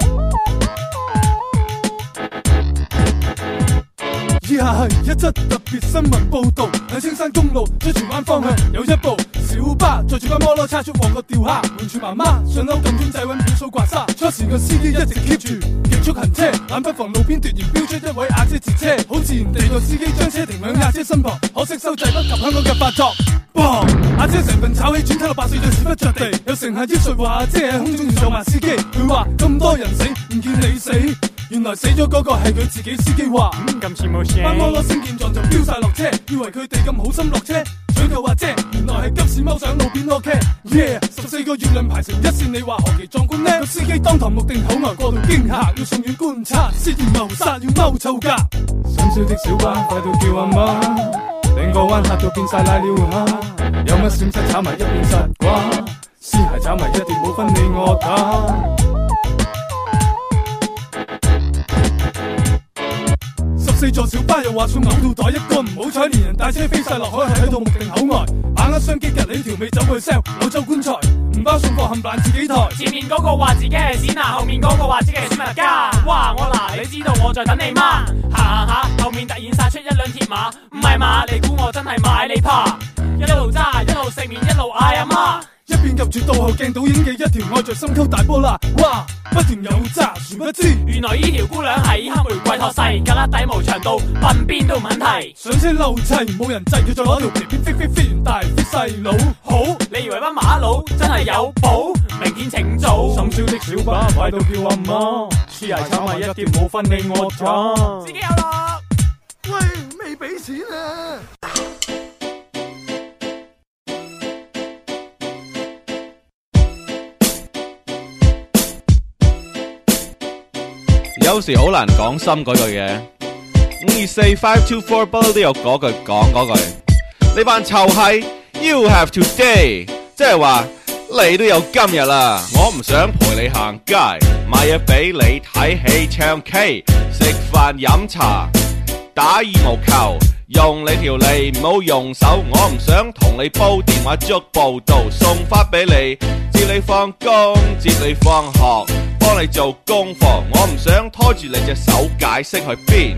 Speaker 7: 以下係一則特別新聞報導，喺青山公路出荃灣方向有一部小巴載住個摩羅叉出往個吊下，換住媽媽上樓咁專制揾表嫂刮痧，初時個司機一直 keep 住極速行車，冷不防路邊突然飆出一位阿姐截車，好自然地個司機將車停喺阿姐身旁，可惜收掣不及，香港嘅發作阿姐成份炒起，轉頭六八歲在是不着地，有乘客之說話，阿姐喺空中要坐埋司機，佢話咁多人死唔見你死。原來死咗嗰個係佢自己司機，司機話。唔，今次冇事。班摩羅星見狀就飆晒落車，以為佢哋咁好心落車，嘴就話啫，原來係急屎貓上路變惡劇。Yeah，十四個月亮排成一線，你話何其壯觀呢？司機當堂目定口呆，過度驚嚇，要送院觀察。先謀殺，要勾臭甲。想笑的小巴快到叫阿媽，轉個彎嚇到變晒瀨尿蝦，有乜損失炒埋一邊實瓜，屍骸炒埋一碟冇分你我他。四座小巴又話送嘔吐袋一個，唔好彩連人帶車飛晒落海，喺度目定口呆。把握雙機夾你條尾走去 sell 柳州棺材，唔包送個冚板自己抬。前面嗰個
Speaker 6: 話自己係展娜，後面嗰個話自己係史物加。哇！我嗱，你知道我在等你嗎？行行下，後面突然殺出一輛鐵馬，唔係馬，你估我真係買你怕？一路揸，一路食麵，一路嗌阿媽。
Speaker 7: 一邊入住倒後鏡倒影嘅一條愛着深溝大波啦，哇，不停有渣，殊不知
Speaker 6: 原來呢條姑娘係黑玫瑰託世，格拉底毛長度，鬢邊都唔問題，上車漏齊，冇人制，要再攞條
Speaker 7: 皮鞭飛飛飛完
Speaker 6: 大啲細佬，好你以為班馬佬真係有寶，明天請早，深
Speaker 7: 宵的小巴妹都叫阿媽，輸係炒埋一碟冇分你我爭，自己有落，喂未俾錢啊！
Speaker 8: 有時好難講心嗰句嘢。五二四 five two four，都有嗰句講嗰句。你班臭閪，you have today，即係話你都有今日啦。我唔想陪你行街，買嘢俾你睇戲、唱 K、食飯、飲茶、打羽毛球。用你條脷，唔好用手，我唔想同你煲電話粥報道，送返俾你。接你放工，接你放學，幫你做功課，我唔想拖住你隻手解釋去邊，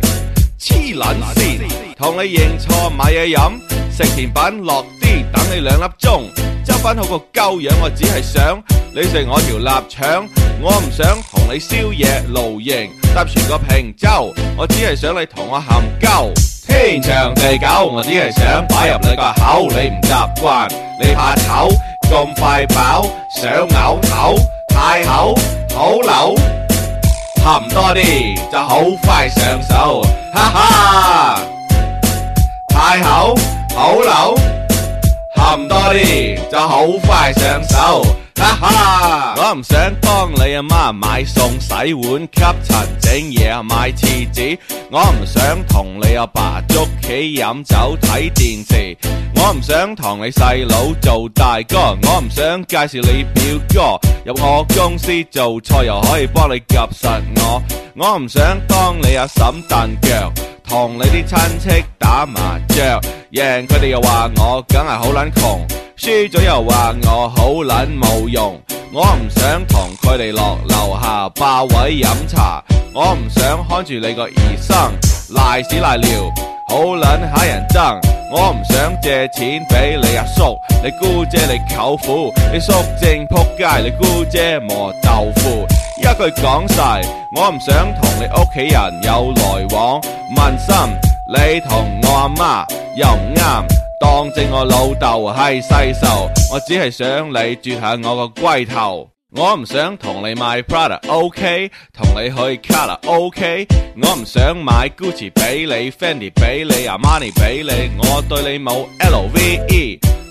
Speaker 8: 黐撚先，同你認錯買嘢飲。食甜品落啲，等你兩粒鐘，執翻好個鳩樣。我只係想你食我條臘腸，我唔想同你宵夜露營，搭船個平洲。我只係想你同我含鳩，天長地久。我只係想擺入你個口，你唔習慣，你怕醜，咁快飽，想嘔，太口，好扭，含多啲就好快上手，哈哈，太口。好流，含多啲就好快上手，哈哈！我唔想當你阿媽買餸、洗碗、吸塵、整嘢、買廁紙，我唔想同你阿爸捉棋、飲酒、睇電視，我唔想同你細佬做大哥，我唔想介紹你表哥入我公司做菜，又可以幫你夾實我，我唔想當你阿嬸燉腳。同你啲親戚打麻雀，贏佢哋又話我梗係好撚窮，輸咗又話我好撚冇用。我唔想同佢哋落樓下霸位飲茶，我唔想看住你個兒生賴屎賴尿，好撚乞人憎。我唔想借錢俾你阿叔、你姑姐、你舅父、你叔正撲街、你姑姐磨豆腐。一句講晒，我唔想同你屋企人有來往。問心，你同我阿媽又唔啱，當正我老豆係細受。我只係想你轉下我個龜頭。我唔想同你買 Prada，OK？Okay, 同你去 Kara，OK？Okay, 我唔想買 Gucci 俾你，Fendi 俾你，Armani 俾你，我對你冇 L V E。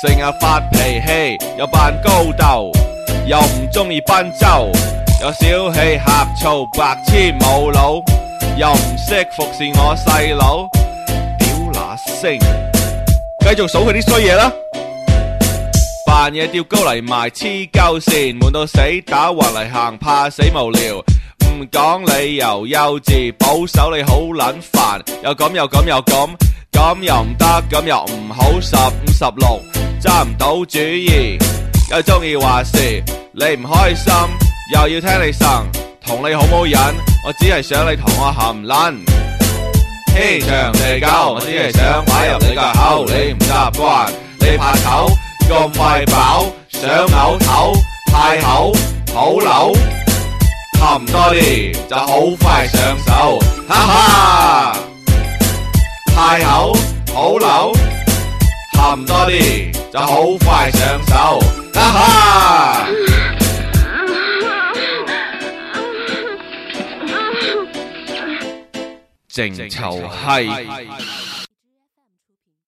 Speaker 8: 成日發脾氣，又扮高斗，又唔中意濱州，又小氣呷醋白痴冇腦，又唔識服侍我細佬，屌那聲，繼續數佢啲衰嘢啦，扮嘢吊高嚟賣黐鳩線，悶到死，打橫嚟行，怕死無聊，唔講理由幼稚，保守你好撚煩，又咁又咁又咁，咁又唔得，咁又唔好，十五十六。揸唔到主意，又中意話事，你唔開心又要聽你呻，同你好冇癮，我只係想你同我含撚，天長地久，我只係想擺入你個口，你唔習慣，你怕醜，咁快飽，想嘔頭，太口好扭，含多啲就好快上手，哈哈，太口好扭。差唔多啲，就好快上手。啊哈！
Speaker 3: 正臭閪。